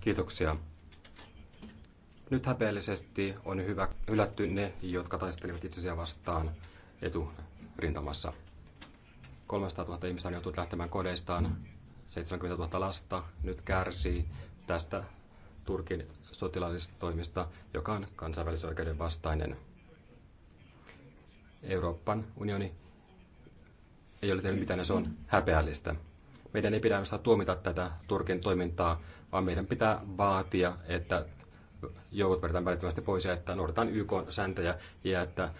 Kiitoksia. Nyt häpeällisesti on hyvä, hylätty ne, jotka taistelivat itsensä vastaan eturintamassa. 300 000 ihmistä on joutunut lähtemään kodeistaan, 70 000 lasta nyt kärsii tästä Turkin sotilaallisesta toimista, joka on kansainvälisen oikeuden vastainen. Euroopan unioni ei ole tehnyt mitään ja se on häpeällistä. Meidän ei pidä ainoastaan tuomita tätä Turkin toimintaa, vaan meidän pitää vaatia, että joukot vedetään välittömästi pois ja että noudatetaan YK-sääntöjä ja että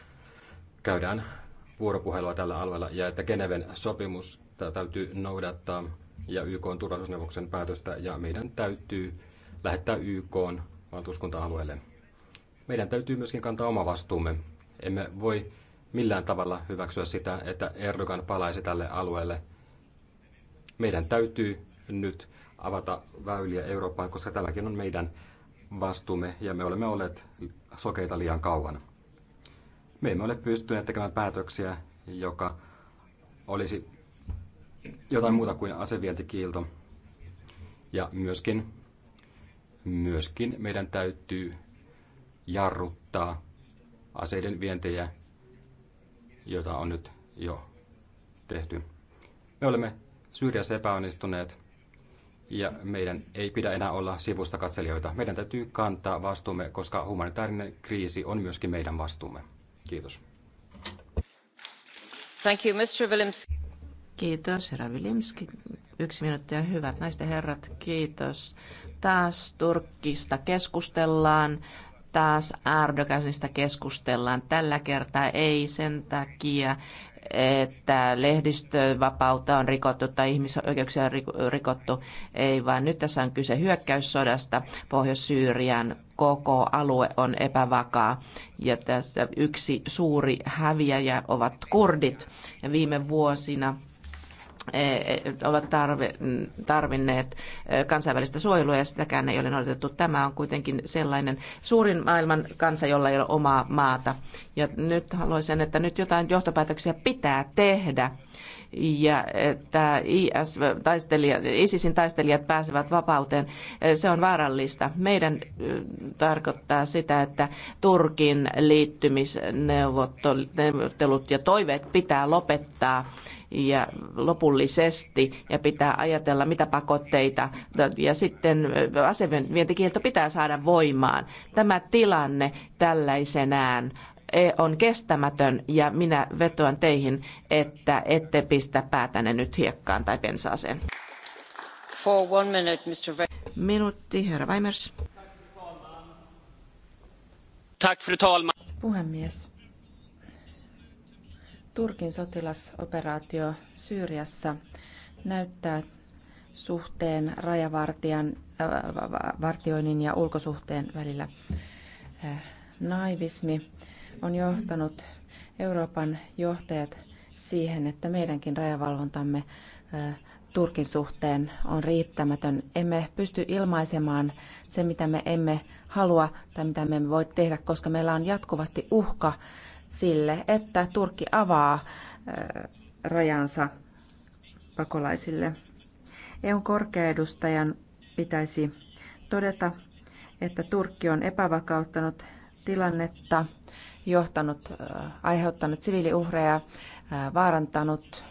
käydään vuoropuhelua tällä alueella ja että Geneven sopimus täytyy noudattaa ja YK on turvallisuusneuvoksen päätöstä ja meidän täytyy lähettää YK on valtuuskunta-alueelle. Meidän täytyy myöskin kantaa oma vastuumme. Emme voi millään tavalla hyväksyä sitä, että Erdogan palaisi tälle alueelle meidän täytyy nyt avata väyliä Eurooppaan, koska tämäkin on meidän vastuumme ja me olemme olleet sokeita liian kauan. Me emme ole pystyneet tekemään päätöksiä, joka olisi jotain muuta kuin asevientikiilto. Ja myöskin, myöskin meidän täytyy jarruttaa aseiden vientejä, jota on nyt jo tehty. Me olemme Syyriassa epäonnistuneet ja meidän ei pidä enää olla sivusta katselijoita. Meidän täytyy kantaa vastuumme, koska humanitaarinen kriisi on myöskin meidän vastuumme. Kiitos. Thank you, Mr. Vilimski. Kiitos, herra Vilimski. Yksi minuutti ja hyvät naiset herrat, kiitos. Taas Turkista keskustellaan taas Erdoganista keskustellaan. Tällä kertaa ei sen takia, että lehdistövapautta on rikottu tai ihmisoikeuksia on rikottu. Ei vaan nyt tässä on kyse hyökkäyssodasta. Pohjois-Syyrian koko alue on epävakaa ja tässä yksi suuri häviäjä ovat kurdit. Ja viime vuosina E, e, ovat tarve, tarvinneet e, kansainvälistä suojelua ja sitäkään ei ole noudatettu. Tämä on kuitenkin sellainen suurin maailman kansa, jolla ei ole omaa maata. Ja nyt haluaisin, että nyt jotain johtopäätöksiä pitää tehdä ja että IS, taistelijat, ISISin taistelijat pääsevät vapauteen, se on vaarallista. Meidän tarkoittaa sitä, että Turkin liittymisneuvottelut ja toiveet pitää lopettaa ja lopullisesti ja pitää ajatella, mitä pakotteita ja sitten asevientikielto pitää saada voimaan. Tämä tilanne tällaisenään on kestämätön ja minä vetoan teihin, että ette pistä päätänne nyt hiekkaan tai pensaaseen. For one minute, Mr. Minuutti, herra Weimers. Tack, fru talman. Puhemies. Turkin sotilasoperaatio Syyriassa näyttää suhteen rajavartijan äh, vartioinnin ja ulkosuhteen välillä. Äh, naivismi on johtanut Euroopan johtajat siihen, että meidänkin rajavalvontamme äh, Turkin suhteen on riittämätön. Emme pysty ilmaisemaan se, mitä me emme halua tai mitä me emme voi tehdä, koska meillä on jatkuvasti uhka sille, että Turkki avaa rajansa pakolaisille. EUn korkeaedustajan pitäisi todeta, että Turkki on epävakauttanut tilannetta, johtanut, aiheuttanut siviiliuhreja, vaarantanut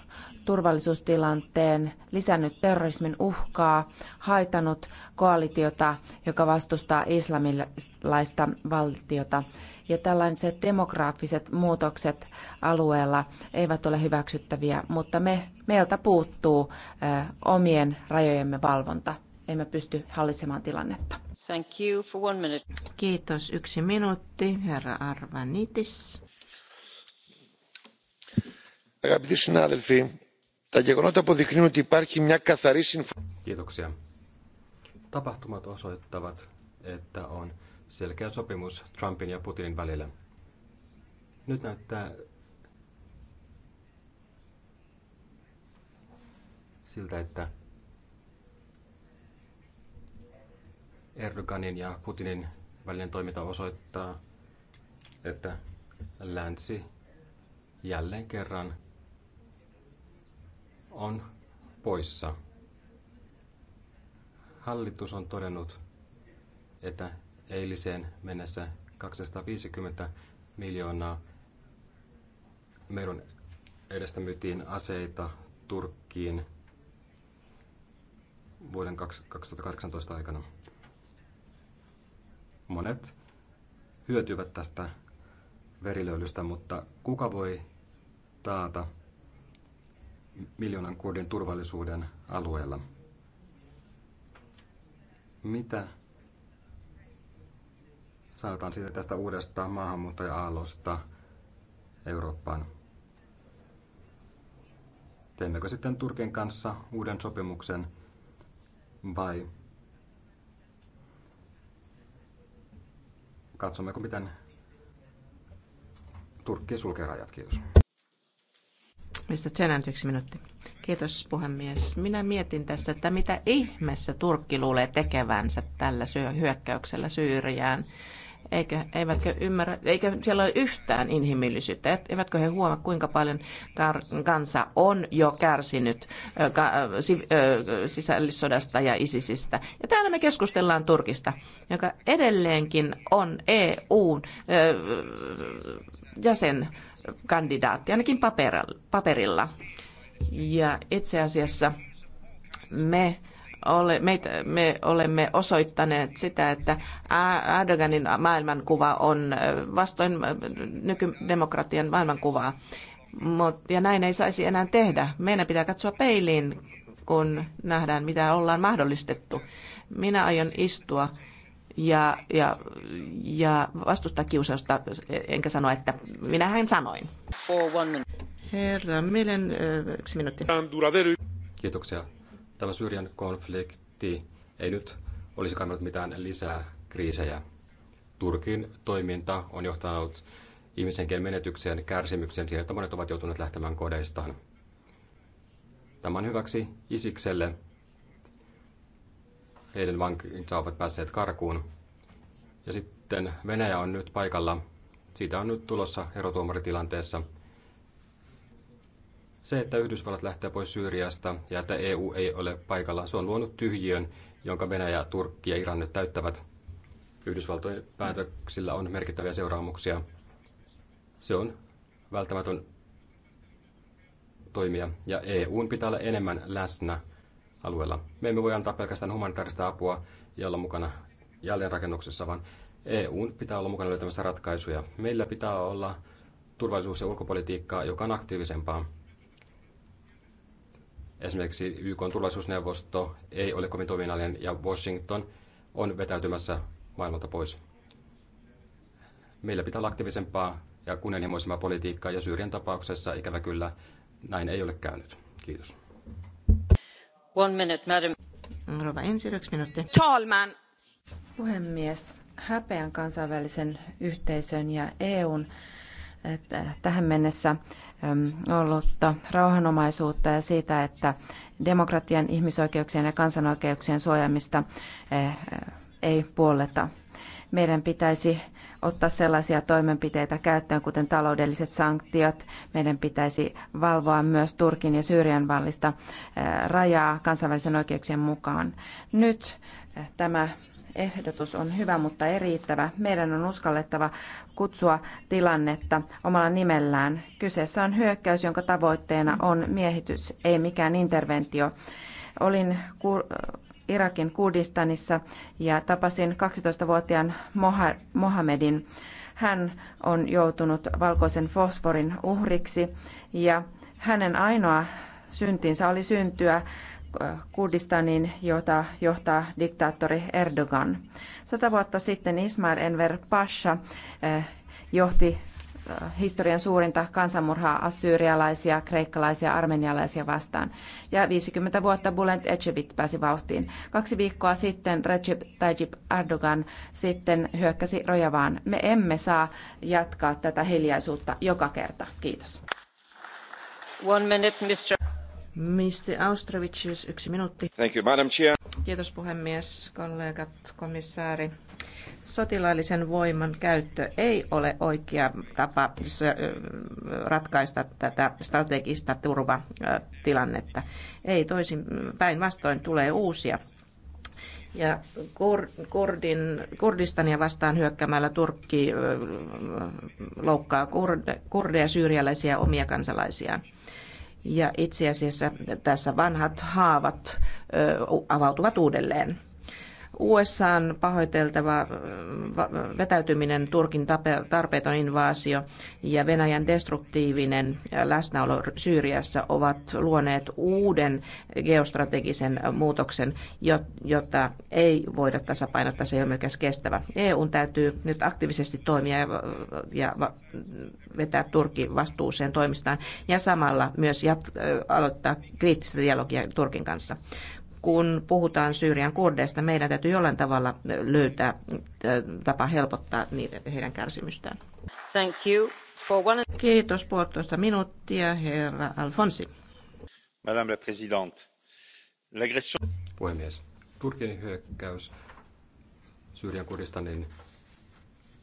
turvallisuustilanteen, lisännyt terrorismin uhkaa, haitanut koalitiota, joka vastustaa islamilaista valtiota. Ja tällaiset demograafiset muutokset alueella eivät ole hyväksyttäviä, mutta me, meiltä puuttuu ö, omien rajojemme valvonta. Emme pysty hallitsemaan tilannetta. Thank you for one minute. Kiitos. Yksi minuutti, herra Arvanitis. Αγαπητοί συνάδελφοι, Τα γεγονότα Kiitoksia. Tapahtumat osoittavat, että on selkeä sopimus Trumpin ja Putinin välillä. Nyt näyttää siltä, että Erdoganin ja Putinin välinen toiminta osoittaa, että länsi jälleen kerran on poissa. Hallitus on todennut, että eiliseen mennessä 250 miljoonaa meidän edestä myytiin aseita Turkkiin vuoden 2018 aikana. Monet hyötyvät tästä verilöylystä, mutta kuka voi taata, miljoonan kurdin turvallisuuden alueella. Mitä sanotaan siitä tästä uudesta maahanmuuttaja-aallosta Eurooppaan? Teemmekö sitten Turkin kanssa uuden sopimuksen vai katsommeko miten Turkki sulkee rajat? Kiitos. Mistä Tenant yksi minuutti. Kiitos puhemies. Minä mietin tässä, että mitä ihmeessä Turkki luulee tekevänsä tällä hyökkäyksellä Syyriään. Eikö, eivätkö ymmärrä, eikö siellä ole yhtään inhimillisyyttä? Eivätkö he huomaa, kuinka paljon kar- kansa on jo kärsinyt ka- si- sisällissodasta ja ISISistä? Ja täällä me keskustellaan Turkista, joka edelleenkin on EUn jäsen kandidaatti, ainakin paperilla. Ja itse asiassa me, ole, me, me olemme osoittaneet sitä, että Erdoganin maailmankuva on vastoin nykydemokratian maailmankuvaa. Mut, ja näin ei saisi enää tehdä. Meidän pitää katsoa peiliin, kun nähdään, mitä ollaan mahdollistettu. Minä aion istua ja, ja, ja vastustaa kiusausta, enkä sano, että minähän sanoin. Herra, Melen, yksi minuutti. Kiitoksia. Tämä Syyrian konflikti ei nyt olisi kannattanut mitään lisää kriisejä. Turkin toiminta on johtanut ihmisenkin menetykseen, kärsimykseen siihen, että monet ovat joutuneet lähtemään kodeistaan. Tämä on hyväksi Isikselle, heidän vankinsa ovat päässeet karkuun. Ja sitten Venäjä on nyt paikalla. Siitä on nyt tulossa erotuomaritilanteessa. Se, että Yhdysvallat lähtee pois Syyriasta ja että EU ei ole paikalla, se on luonut tyhjiön, jonka Venäjä, Turkki ja Iran nyt täyttävät. Yhdysvaltojen päätöksillä on merkittäviä seuraamuksia. Se on välttämätön toimia ja EUn pitää olla enemmän läsnä alueella. Me emme voi antaa pelkästään humanitaarista apua ja olla mukana jälleenrakennuksessa, vaan EUn pitää olla mukana löytämässä ratkaisuja. Meillä pitää olla turvallisuus- ja ulkopolitiikkaa, joka on aktiivisempaa. Esimerkiksi YK turvallisuusneuvosto ei ole kovin toiminnallinen ja Washington on vetäytymässä maailmalta pois. Meillä pitää olla aktiivisempaa ja kunnianhimoisempaa politiikkaa ja Syyrian tapauksessa ikävä kyllä näin ei ole käynyt. Kiitos arvoisa Puhemies, häpeän kansainvälisen yhteisön ja EUn tähän mennessä ollutta rauhanomaisuutta ja sitä, että demokratian, ihmisoikeuksien ja kansanoikeuksien suojaamista eh, eh, ei puolleta. Meidän pitäisi ottaa sellaisia toimenpiteitä käyttöön, kuten taloudelliset sanktiot. Meidän pitäisi valvoa myös Turkin ja Syyrian vallista rajaa kansainvälisen oikeuksien mukaan. Nyt tämä ehdotus on hyvä, mutta ei riittävä. Meidän on uskallettava kutsua tilannetta omalla nimellään. Kyseessä on hyökkäys, jonka tavoitteena on miehitys, ei mikään interventio. Olin Irakin Kurdistanissa ja tapasin 12-vuotiaan Mohamedin. Hän on joutunut valkoisen fosforin uhriksi ja hänen ainoa syntinsä oli syntyä äh, Kurdistanin, jota johtaa diktaattori Erdogan. Sata vuotta sitten Ismail Enver Pasha äh, johti historian suurinta kansanmurhaa assyrialaisia, kreikkalaisia, armenialaisia vastaan. Ja 50 vuotta Bulent Ecevit pääsi vauhtiin. Kaksi viikkoa sitten Recep Tayyip Erdogan sitten hyökkäsi Rojavaan. Me emme saa jatkaa tätä hiljaisuutta joka kerta. Kiitos. One minute, Mr. Mr. Austrovicius, yksi minuutti. Thank you, Madam Chair. Kiitos puhemies, kollegat, komissaari. Sotilaallisen voiman käyttö ei ole oikea tapa ratkaista tätä strategista turvatilannetta. Ei toisin päinvastoin tulee uusia ja Kurdin, Kurdistania vastaan hyökkäämällä Turkki loukkaa kurdeja syyrialaisia omia kansalaisiaan. Ja itse asiassa tässä vanhat haavat avautuvat uudelleen. USAn pahoiteltava mm, vetäytyminen, Turkin tarpeeton invaasio ja Venäjän destruktiivinen läsnäolo Syyriassa ovat luoneet uuden geostrategisen muutoksen, jota ei voida tasapainottaa, se ei ole myöskään kestävä. EUn täytyy nyt aktiivisesti toimia ja vetää Turkin vastuuseen toimistaan ja samalla myös jat- aloittaa kriittistä dialogia Turkin kanssa kun puhutaan Syyrian kurdeista, meidän täytyy jollain tavalla löytää tapa helpottaa niiden heidän kärsimystään. Thank you for one... Kiitos puolitoista minuuttia, herra Alfonsi. Madame la Présidente. L'agression... Puhemies. Turkin hyökkäys Syyrian Kurdistanin niin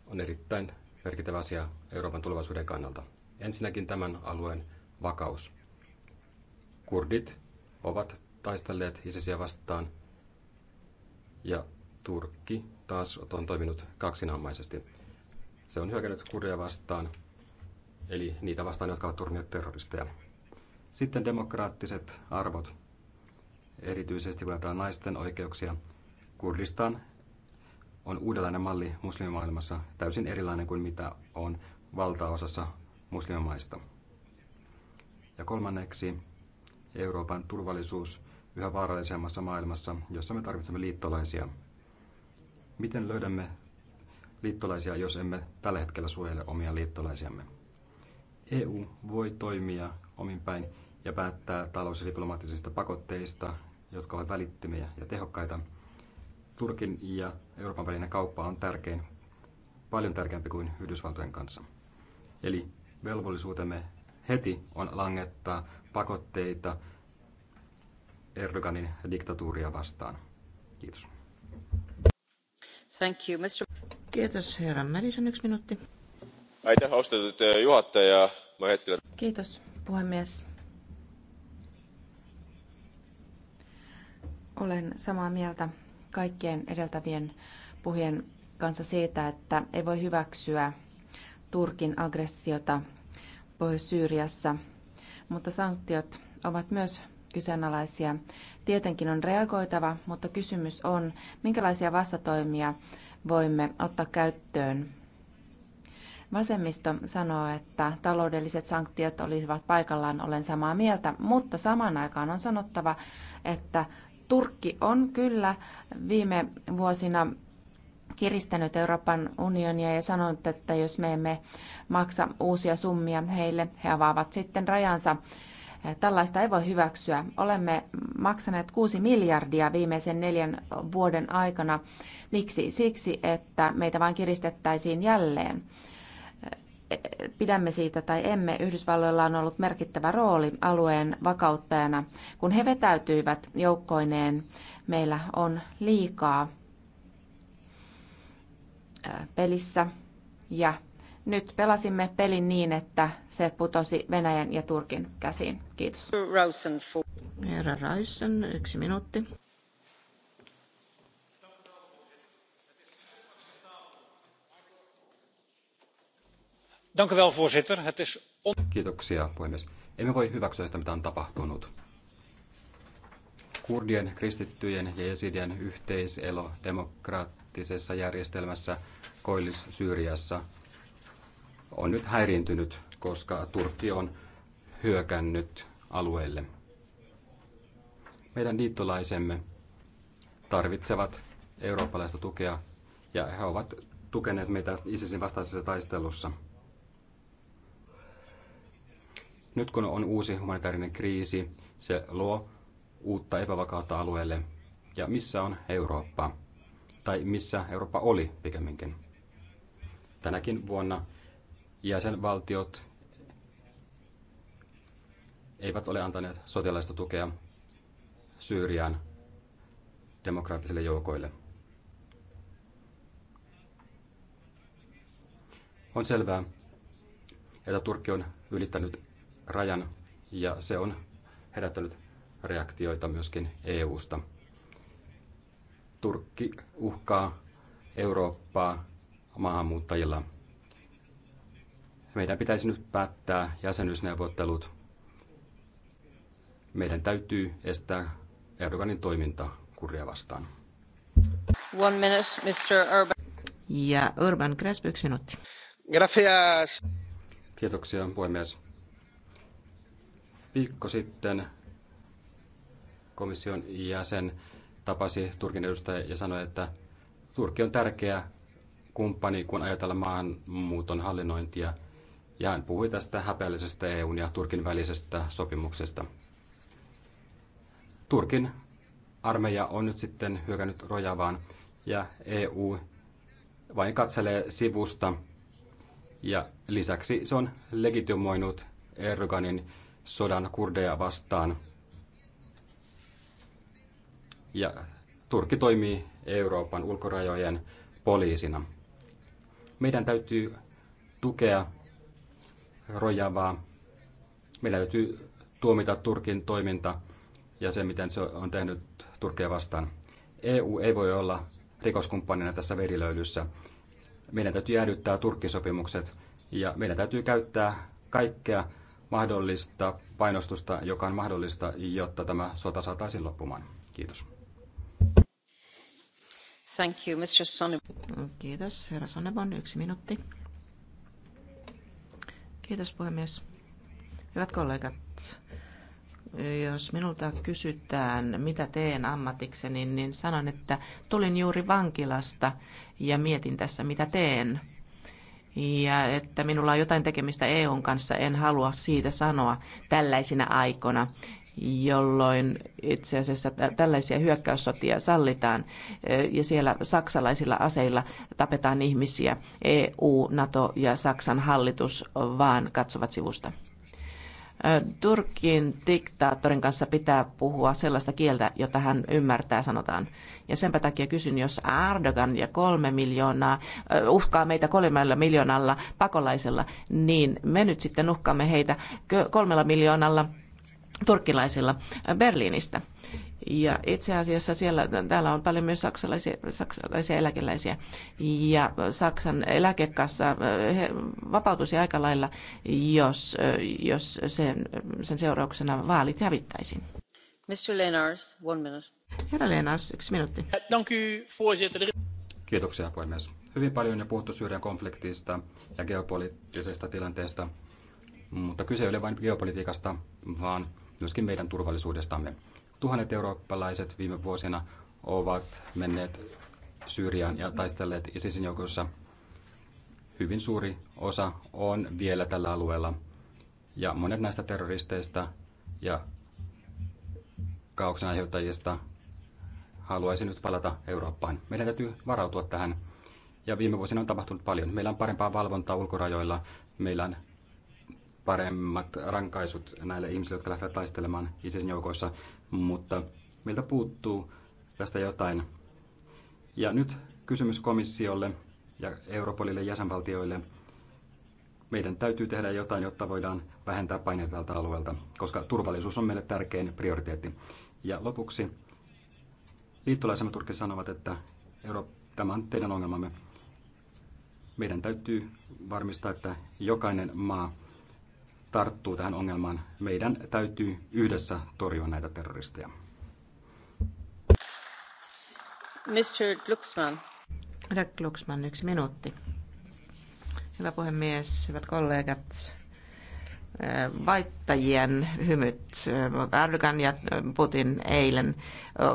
on erittäin merkittävä asia Euroopan tulevaisuuden kannalta. Ensinnäkin tämän alueen vakaus. Kurdit ovat taistelleet ISISiä vastaan ja Turkki taas on toiminut kaksinaamaisesti. Se on hyökännyt kurdeja vastaan, eli niitä vastaan, jotka ovat turmiot terroristeja. Sitten demokraattiset arvot, erityisesti kun ajatellaan naisten oikeuksia. Kurdistan on uudenlainen malli muslimimaailmassa, täysin erilainen kuin mitä on valtaosassa muslimimaista. Ja kolmanneksi Euroopan turvallisuus yhä vaarallisemmassa maailmassa, jossa me tarvitsemme liittolaisia. Miten löydämme liittolaisia, jos emme tällä hetkellä suojele omia liittolaisiamme? EU voi toimia omin päin ja päättää talous- ja diplomaattisista pakotteista, jotka ovat välittömiä ja tehokkaita. Turkin ja Euroopan välinen kauppa on tärkein, paljon tärkeämpi kuin Yhdysvaltojen kanssa. Eli velvollisuutemme heti on langettaa pakotteita Erdoganin diktatuuria vastaan. Kiitos. Thank you, Mr. Kiitos, herra Madison, yksi minuutti. Aitäh, austatud eh, juhataja. Mä hetkellä... Kiitos, puhemies. Olen samaa mieltä kaikkien edeltävien puhujien kanssa siitä, että ei voi hyväksyä Turkin aggressiota Pohjois-Syyriassa, mutta sanktiot ovat myös kyseenalaisia. Tietenkin on reagoitava, mutta kysymys on, minkälaisia vastatoimia voimme ottaa käyttöön. Vasemmisto sanoo, että taloudelliset sanktiot olisivat paikallaan, olen samaa mieltä, mutta samaan aikaan on sanottava, että Turkki on kyllä viime vuosina kiristänyt Euroopan unionia ja sanonut, että jos me emme maksa uusia summia heille, he avaavat sitten rajansa Tällaista ei voi hyväksyä. Olemme maksaneet 6 miljardia viimeisen neljän vuoden aikana. Miksi? Siksi, että meitä vain kiristettäisiin jälleen pidämme siitä tai emme, Yhdysvalloilla on ollut merkittävä rooli alueen vakauttajana. Kun he vetäytyivät joukkoineen, meillä on liikaa pelissä ja nyt pelasimme pelin niin, että se putosi Venäjän ja Turkin käsiin. Kiitos. Herra Raisen, yksi minuutti. voorzitter. Het is on... Kiitoksia, puhemies. Emme voi hyväksyä sitä, mitä on tapahtunut. Kurdien, kristittyjen ja jesidien yhteiselo demokraattisessa järjestelmässä Koillis-Syyriassa – on nyt häiriintynyt, koska Turkki on hyökännyt alueelle. Meidän liittolaisemme tarvitsevat eurooppalaista tukea ja he ovat tukeneet meitä ISISin vastaisessa taistelussa. Nyt kun on uusi humanitaarinen kriisi, se luo uutta epävakautta alueelle. Ja missä on Eurooppa? Tai missä Eurooppa oli pikemminkin? Tänäkin vuonna jäsenvaltiot eivät ole antaneet sotilaista tukea Syyrian demokraattisille joukoille. On selvää, että Turkki on ylittänyt rajan ja se on herättänyt reaktioita myöskin EU-sta. Turkki uhkaa Eurooppaa maahanmuuttajilla. Meidän pitäisi nyt päättää jäsenyysneuvottelut. Meidän täytyy estää Erdoganin toiminta kurja vastaan. One minute, Mr. Urban. Ja Urban Cresp, yksi minuutti. Gracias. Kiitoksia, puhemies. Viikko sitten komission jäsen tapasi Turkin edustajia ja sanoi, että Turkki on tärkeä kumppani, kun ajatellaan maahanmuuton hallinnointia – ja hän puhui tästä häpeällisestä EUn ja Turkin välisestä sopimuksesta. Turkin armeija on nyt sitten hyökännyt rojavaan ja EU vain katselee sivusta. Ja lisäksi se on legitimoinut Erdoganin sodan kurdeja vastaan. Ja Turkki toimii Euroopan ulkorajojen poliisina. Meidän täytyy tukea rojavaa. Meillä täytyy tuomita Turkin toiminta ja se, miten se on tehnyt Turkia vastaan. EU ei voi olla rikoskumppanina tässä verilöylyssä. Meidän täytyy jäädyttää sopimukset ja meidän täytyy käyttää kaikkea mahdollista painostusta, joka on mahdollista, jotta tämä sota saataisiin loppumaan. Kiitos. Thank you, Mr. Sonne. Kiitos, herra Sonnebon. Yksi minuutti. Kiitos puhemies. Hyvät kollegat, jos minulta kysytään, mitä teen ammatikseni, niin sanon, että tulin juuri vankilasta ja mietin tässä, mitä teen. Ja että minulla on jotain tekemistä EUn kanssa, en halua siitä sanoa tällaisina aikoina jolloin itse asiassa tällaisia hyökkäyssotia sallitaan ja siellä saksalaisilla aseilla tapetaan ihmisiä. EU, NATO ja Saksan hallitus vaan katsovat sivusta. Turkin diktaattorin kanssa pitää puhua sellaista kieltä, jota hän ymmärtää, sanotaan. Ja senpä takia kysyn, jos Erdogan ja kolme miljoonaa uhkaa meitä kolmella miljoonalla pakolaisella, niin me nyt sitten uhkaamme heitä kolmella miljoonalla turkkilaisilla äh, Berliinistä. Ja itse asiassa siellä, täällä on paljon myös saksalaisia, saksalaisia eläkeläisiä. Ja Saksan eläkekassa äh, he vapautuisi aika lailla, jos, äh, jos sen, sen seurauksena vaalit hävittäisiin. Mr. Lenars, one minute. Herra Lenars, yksi minuutti. Kiitoksia puhemies. Hyvin paljon jo puhuttu Syyrian konfliktista ja geopoliittisesta tilanteesta, mutta kyse ei ole vain geopolitiikasta, vaan myöskin meidän turvallisuudestamme. Tuhannet eurooppalaiset viime vuosina ovat menneet Syyriaan ja taistelleet ISISin joukossa. Hyvin suuri osa on vielä tällä alueella. Ja monet näistä terroristeista ja kauksen aiheuttajista haluaisi nyt palata Eurooppaan. Meidän täytyy varautua tähän. Ja viime vuosina on tapahtunut paljon. Meillä on parempaa valvontaa ulkorajoilla, meillä on paremmat rankaisut näille ihmisille, jotka lähtevät taistelemaan ISISin joukoissa, mutta miltä puuttuu tästä jotain. Ja nyt kysymys komissiolle ja Europolille jäsenvaltioille. Meidän täytyy tehdä jotain, jotta voidaan vähentää paineita tältä alueelta, koska turvallisuus on meille tärkein prioriteetti. Ja lopuksi liittolaisemme Turkissa sanovat, että Euro- tämä on teidän ongelmamme. Meidän täytyy varmistaa, että jokainen maa tarttuu tähän ongelmaan. Meidän täytyy yhdessä torjua näitä terroristeja. Mr. Glucksmann. Herra Glucksmann, yksi minuutti. Hyvä puhemies, hyvät kollegat vaittajien hymyt, Erdogan ja Putin eilen,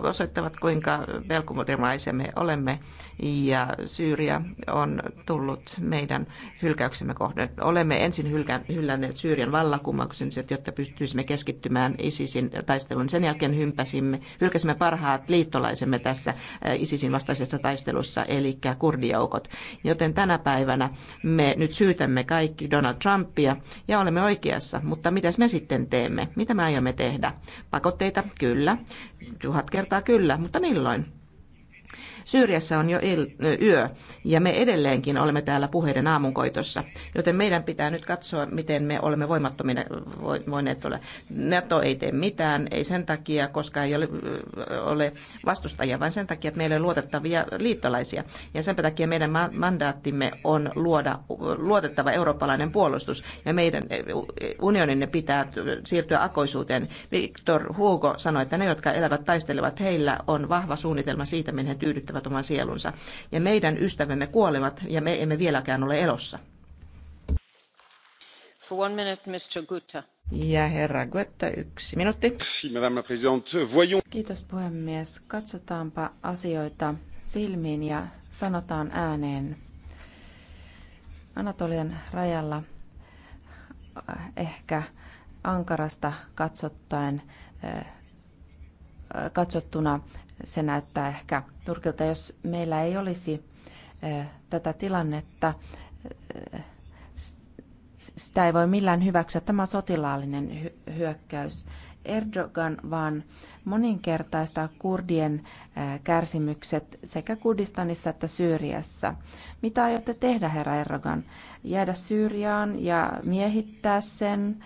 osoittavat kuinka pelkumodermaisia me olemme ja Syyria on tullut meidän hylkäyksemme kohden. Olemme ensin hylänneet hyllänneet Syyrian vallankumouksen, jotta pystyisimme keskittymään ISISin taisteluun. Sen jälkeen hympäsimme, hylkäsimme parhaat liittolaisemme tässä eh, ISISin vastaisessa taistelussa, eli kurdijoukot. Joten tänä päivänä me nyt syytämme kaikki Donald Trumpia ja olemme oikein Syyriassa, mutta mitäs me sitten teemme? Mitä me aiomme tehdä? Pakotteita? Kyllä. Tuhat kertaa kyllä, mutta milloin? Syyriassa on jo il- yö ja me edelleenkin olemme täällä puheiden aamunkoitossa, joten meidän pitää nyt katsoa, miten me olemme voimattomina voineet olla. NATO ei tee mitään, ei sen takia, koska ei ole, ole vastustajia, vaan sen takia, että meillä on luotettavia liittolaisia. Ja sen takia meidän mandaattimme on luoda luotettava eurooppalainen puolustus ja meidän e, e, unioninne pitää siirtyä akoisuuteen. Victor Hugo sanoi, että ne, jotka elävät taistelevat, heillä on vahva suunnitelma siitä, minne he tyydyttävät menettävät oman sielunsa. Ja meidän ystävämme kuolevat ja me emme vieläkään ole elossa. For one minute, Mr. Gutta. Ja herra Guetta, yksi minuutti. Kiitos puhemies. Katsotaanpa asioita silmiin ja sanotaan ääneen. Anatolian rajalla äh, ehkä Ankarasta katsottaen äh, katsottuna se näyttää ehkä Turkilta, jos meillä ei olisi tätä tilannetta. Sitä ei voi millään hyväksyä. Tämä sotilaallinen hyökkäys. Erdogan vaan moninkertaista kurdien kärsimykset sekä Kurdistanissa että Syyriassa. Mitä aiotte tehdä, herra Erdogan? Jäädä Syyriaan ja miehittää sen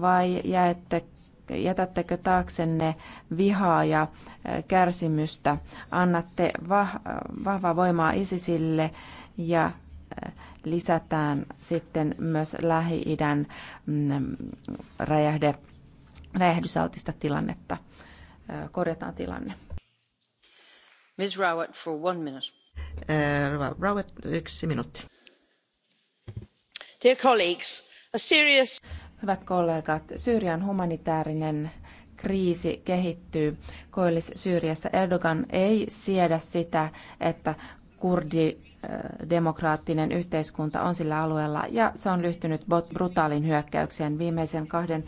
vai jäätte jätättekö taaksenne vihaa ja kärsimystä? Annatte vahvaa voimaa ISISille ja lisätään sitten myös Lähi-idän mm, räjähde, räjähdysaltista tilannetta. Korjataan tilanne. Ms. Rowett for one minute. Rowett, yksi minuutti. Dear colleagues, a serious... Hyvät kollegat, Syyrian humanitaarinen kriisi kehittyy. Koillis-Syyriassa Erdogan ei siedä sitä, että kurdi demokraattinen yhteiskunta on sillä alueella ja se on lyhtynyt brutaalin hyökkäykseen. Viimeisen kahden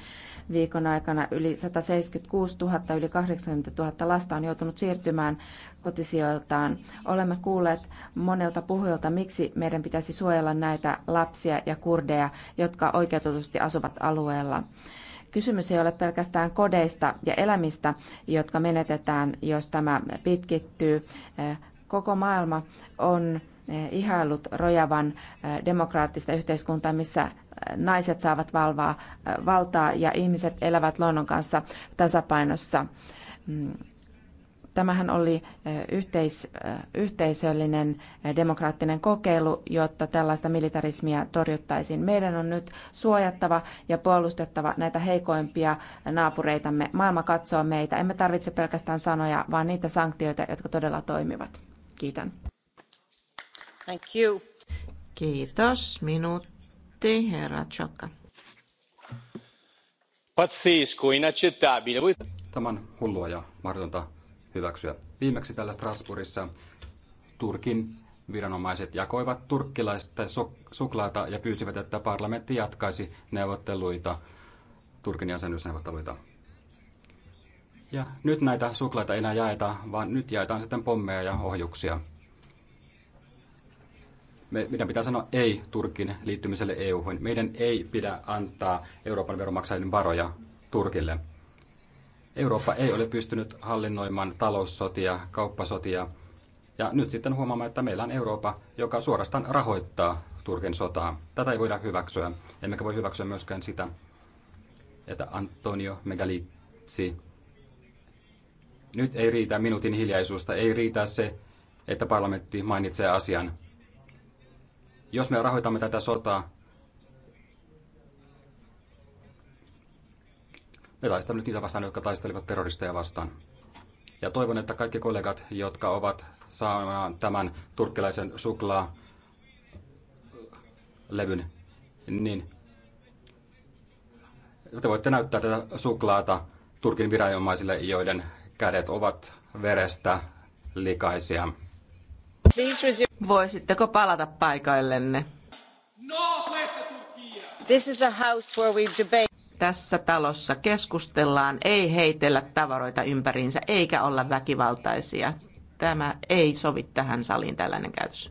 viikon aikana yli 176 000, yli 80 000 lasta on joutunut siirtymään kotisijoiltaan. Olemme kuulleet monelta puhujalta, miksi meidän pitäisi suojella näitä lapsia ja kurdeja, jotka oikeutetusti asuvat alueella. Kysymys ei ole pelkästään kodeista ja elämistä, jotka menetetään, jos tämä pitkittyy. Koko maailma on Eh, ihailut rojavan eh, demokraattista yhteiskuntaa, missä eh, naiset saavat valvaa, valtaa ja ihmiset elävät luonnon kanssa tasapainossa. Mm. Tämähän oli yhteis, yhteisöllinen demokraattinen kokeilu, jotta tällaista militarismia torjuttaisiin. Meidän on nyt suojattava ja puolustettava näitä heikoimpia naapureitamme. Maailma katsoo meitä. Emme tarvitse pelkästään sanoja, vaan niitä sanktioita, jotka todella toimivat. Kiitän. Thank you. Kiitos. Minuutti, herra Pazzesco, siis inaccettabile. Tämä on hullua ja mahdotonta hyväksyä. Viimeksi täällä Strasbourgissa Turkin viranomaiset jakoivat turkkilaista suklaata ja pyysivät, että parlamentti jatkaisi neuvotteluita, Turkin jäsenyysneuvotteluita. Ja nyt näitä suklaita ei enää jaeta, vaan nyt jaetaan sitten pommeja ja ohjuksia me, meidän pitää sanoa ei Turkin liittymiselle EU-hun. Meidän ei pidä antaa Euroopan veronmaksajien varoja Turkille. Eurooppa ei ole pystynyt hallinnoimaan taloussotia, kauppasotia, ja nyt sitten huomaamme, että meillä on Eurooppa, joka suorastaan rahoittaa Turkin sotaa. Tätä ei voida hyväksyä, emmekä voi hyväksyä myöskään sitä, että Antonio Megalitsi. Nyt ei riitä minuutin hiljaisuusta, ei riitä se, että parlamentti mainitsee asian. Jos me rahoitamme tätä sotaa, me taistelemme nyt niitä vastaan, jotka taistelivat terroristeja vastaan. Ja toivon, että kaikki kollegat, jotka ovat saamaan tämän turkkilaisen suklaa levyn, niin te voitte näyttää tätä suklaata Turkin viranomaisille, joiden kädet ovat verestä likaisia. Voisitteko palata paikoillenne? No, This is a house where we debate. Tässä talossa keskustellaan, ei heitellä tavaroita ympäriinsä eikä olla väkivaltaisia. Tämä ei sovi tähän saliin tällainen käytös.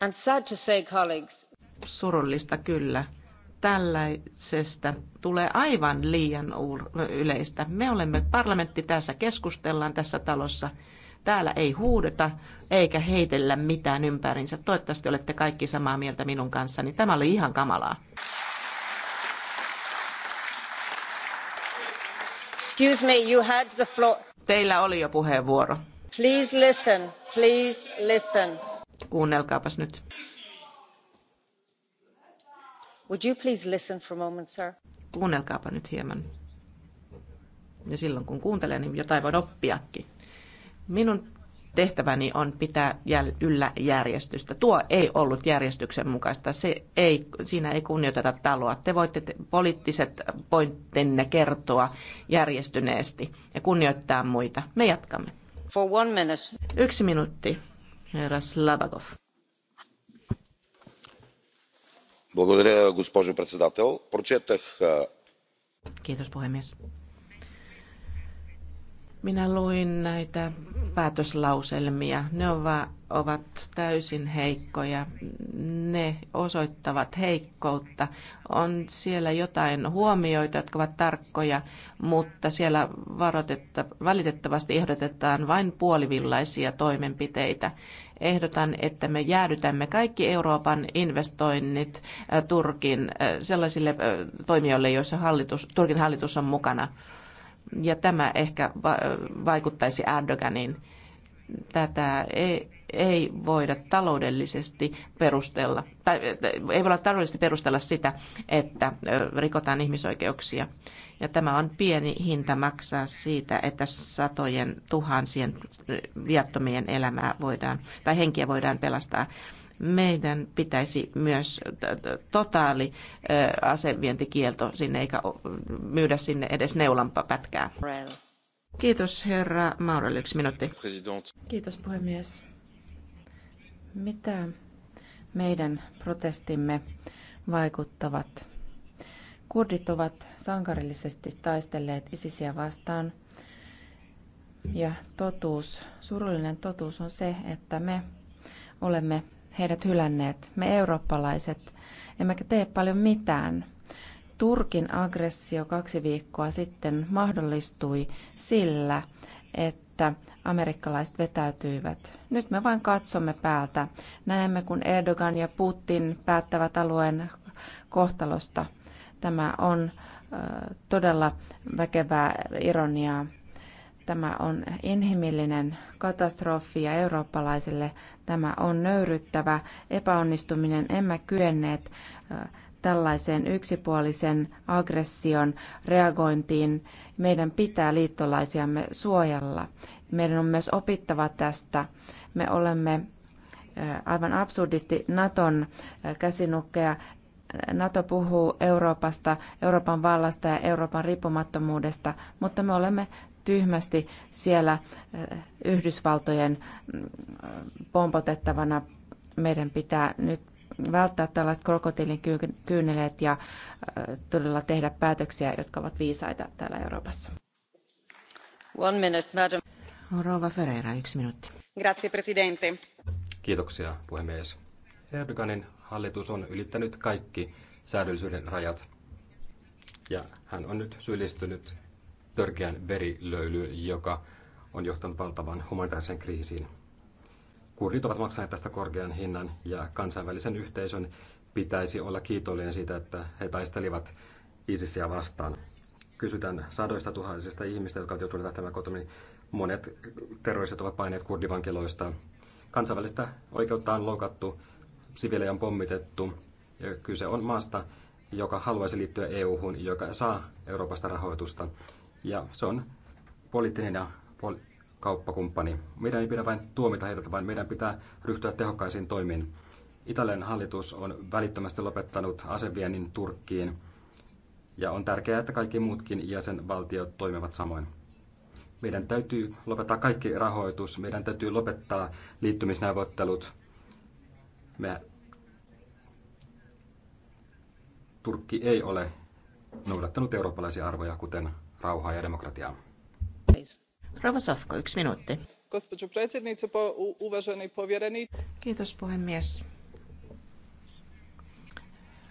And sad to say, colleagues. Surullista kyllä. Tällaisesta tulee aivan liian yleistä. Me olemme parlamentti, tässä keskustellaan tässä talossa Täällä ei huudeta eikä heitellä mitään ympärinsä. Toivottavasti olette kaikki samaa mieltä minun kanssani. Tämä oli ihan kamalaa. Excuse me, you had the floor. Teillä oli jo puheenvuoro. Please listen, please listen. Kuunnelkaapas nyt. Would you please listen for a moment, sir? Kuunnelkaapa nyt hieman. Ja silloin kun kuuntelee, niin jotain voi oppiakin. Minun tehtäväni on pitää yllä järjestystä. Tuo ei ollut järjestyksen mukaista. Se ei, siinä ei kunnioiteta taloa. Te voitte te, poliittiset pointtenne kertoa järjestyneesti ja kunnioittaa muita. Me jatkamme. For one minute. Yksi minuutti, herra Slavakov. Благодаря, госпожо председател. Прочетах... Kiitos, puhemies. Minä luin näitä päätöslauselmia. Ne ovat täysin heikkoja. Ne osoittavat heikkoutta. On siellä jotain huomioita, jotka ovat tarkkoja, mutta siellä varotetta, valitettavasti ehdotetaan vain puolivillaisia toimenpiteitä. Ehdotan, että me jäädytämme kaikki Euroopan investoinnit äh, Turkin äh, sellaisille äh, toimijoille, joissa hallitus, Turkin hallitus on mukana ja tämä ehkä vaikuttaisi Erdoganin. Tätä ei, ei voida taloudellisesti perustella, tai ei voida taloudellisesti perustella sitä, että rikotaan ihmisoikeuksia. Ja tämä on pieni hinta maksaa siitä, että satojen tuhansien viattomien elämää voidaan, tai henkiä voidaan pelastaa meidän pitäisi myös totaali asevientikielto sinne, eikä myydä sinne edes pätkää. Kiitos herra Maurel, yksi minuutti. Kiitos puhemies. Mitä meidän protestimme vaikuttavat? Kurdit ovat sankarillisesti taistelleet isisiä vastaan ja totuus, surullinen totuus on se, että me olemme heidät hylänneet. Me eurooppalaiset emmekä tee paljon mitään. Turkin aggressio kaksi viikkoa sitten mahdollistui sillä, että amerikkalaiset vetäytyivät. Nyt me vain katsomme päältä. Näemme, kun Erdogan ja Putin päättävät alueen kohtalosta. Tämä on todella väkevää ironiaa. Tämä on inhimillinen katastrofi ja eurooppalaisille tämä on nöyryttävä epäonnistuminen. Emme kyenneet tällaiseen yksipuolisen aggression reagointiin. Meidän pitää liittolaisiamme suojella. Meidän on myös opittava tästä. Me olemme aivan absurdisti Naton käsinukkeja. Nato puhuu Euroopasta, Euroopan vallasta ja Euroopan riippumattomuudesta, mutta me olemme tyhmästi siellä eh, Yhdysvaltojen mm, pompotettavana. Meidän pitää nyt välttää tällaiset krokotiilin kyyneleet ja eh, todella tehdä päätöksiä, jotka ovat viisaita täällä Euroopassa. One minute, madam. Rova Ferreira, yksi minuutti. Grazie, presidente. Kiitoksia, puhemies. Erdoganin hallitus on ylittänyt kaikki säädöllisyyden rajat ja hän on nyt syyllistynyt törkeän verilöylyyn, joka on johtanut valtavan humanitaarisen kriisiin. Kurdit ovat maksaneet tästä korkean hinnan ja kansainvälisen yhteisön pitäisi olla kiitollinen siitä, että he taistelivat ISISiä vastaan. Kysytään sadoista tuhansista ihmistä, jotka ovat joutuneet lähtemään kotoa, niin monet terroristit ovat paineet kurdivankiloista. Kansainvälistä oikeutta on loukattu, siviilejä on pommitettu. Kyse on maasta, joka haluaisi liittyä EU-hun, joka saa Euroopasta rahoitusta ja se on poliittinen ja poli- kauppakumppani. Meidän ei pidä vain tuomita heidät, vaan meidän pitää ryhtyä tehokkaisiin toimiin. Italian hallitus on välittömästi lopettanut aseviennin Turkkiin ja on tärkeää, että kaikki muutkin jäsenvaltiot toimivat samoin. Meidän täytyy lopettaa kaikki rahoitus, meidän täytyy lopettaa liittymisneuvottelut. Me... Turkki ei ole noudattanut eurooppalaisia arvoja, kuten rauhaa ja demokratiaa. Rova Safko, yksi minuutti. Kiitos puhemies.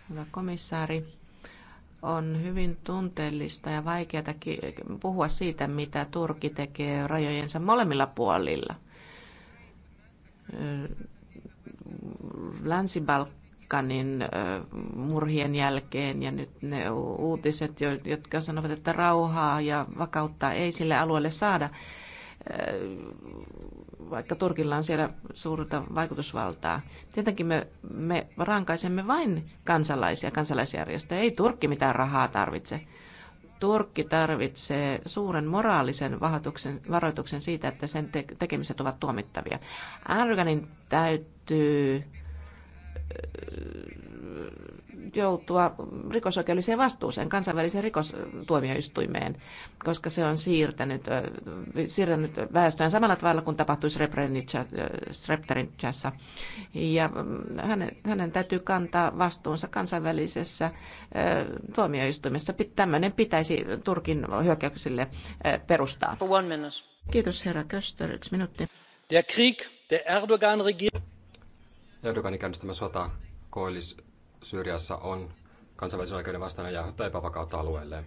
Hyvä komissaari, on hyvin tunteellista ja vaikeaa puhua siitä, mitä Turkki tekee rajojensa molemmilla puolilla. Länsi-Balkan Balkanin murhien jälkeen ja nyt ne uutiset, jotka sanovat, että rauhaa ja vakautta ei sille alueelle saada, vaikka Turkilla on siellä suurta vaikutusvaltaa. Tietenkin me, me rankaisemme vain kansalaisia, kansalaisjärjestöjä. Ei Turkki mitään rahaa tarvitse. Turkki tarvitsee suuren moraalisen varoituksen siitä, että sen tekemiset ovat tuomittavia. Erdoganin täytyy joutua rikosoikeudelliseen vastuuseen kansainväliseen rikostuomioistuimeen, koska se on siirtänyt, siirtänyt väestöön samalla tavalla kuin tapahtui Srebrenicassa. Ja mm, hänen, hänen täytyy kantaa vastuunsa kansainvälisessä tuomioistuimessa. Tämmöinen pitäisi Turkin hyökkäyksille perustaa. Kiitos herra Köster, yksi minuutti. Der Krieg, der erdogan regier Erdoganin käynnistämä sota koillis Syyriassa on kansainvälisen oikeuden vastainen ja aiheuttaa epävakautta alueelle.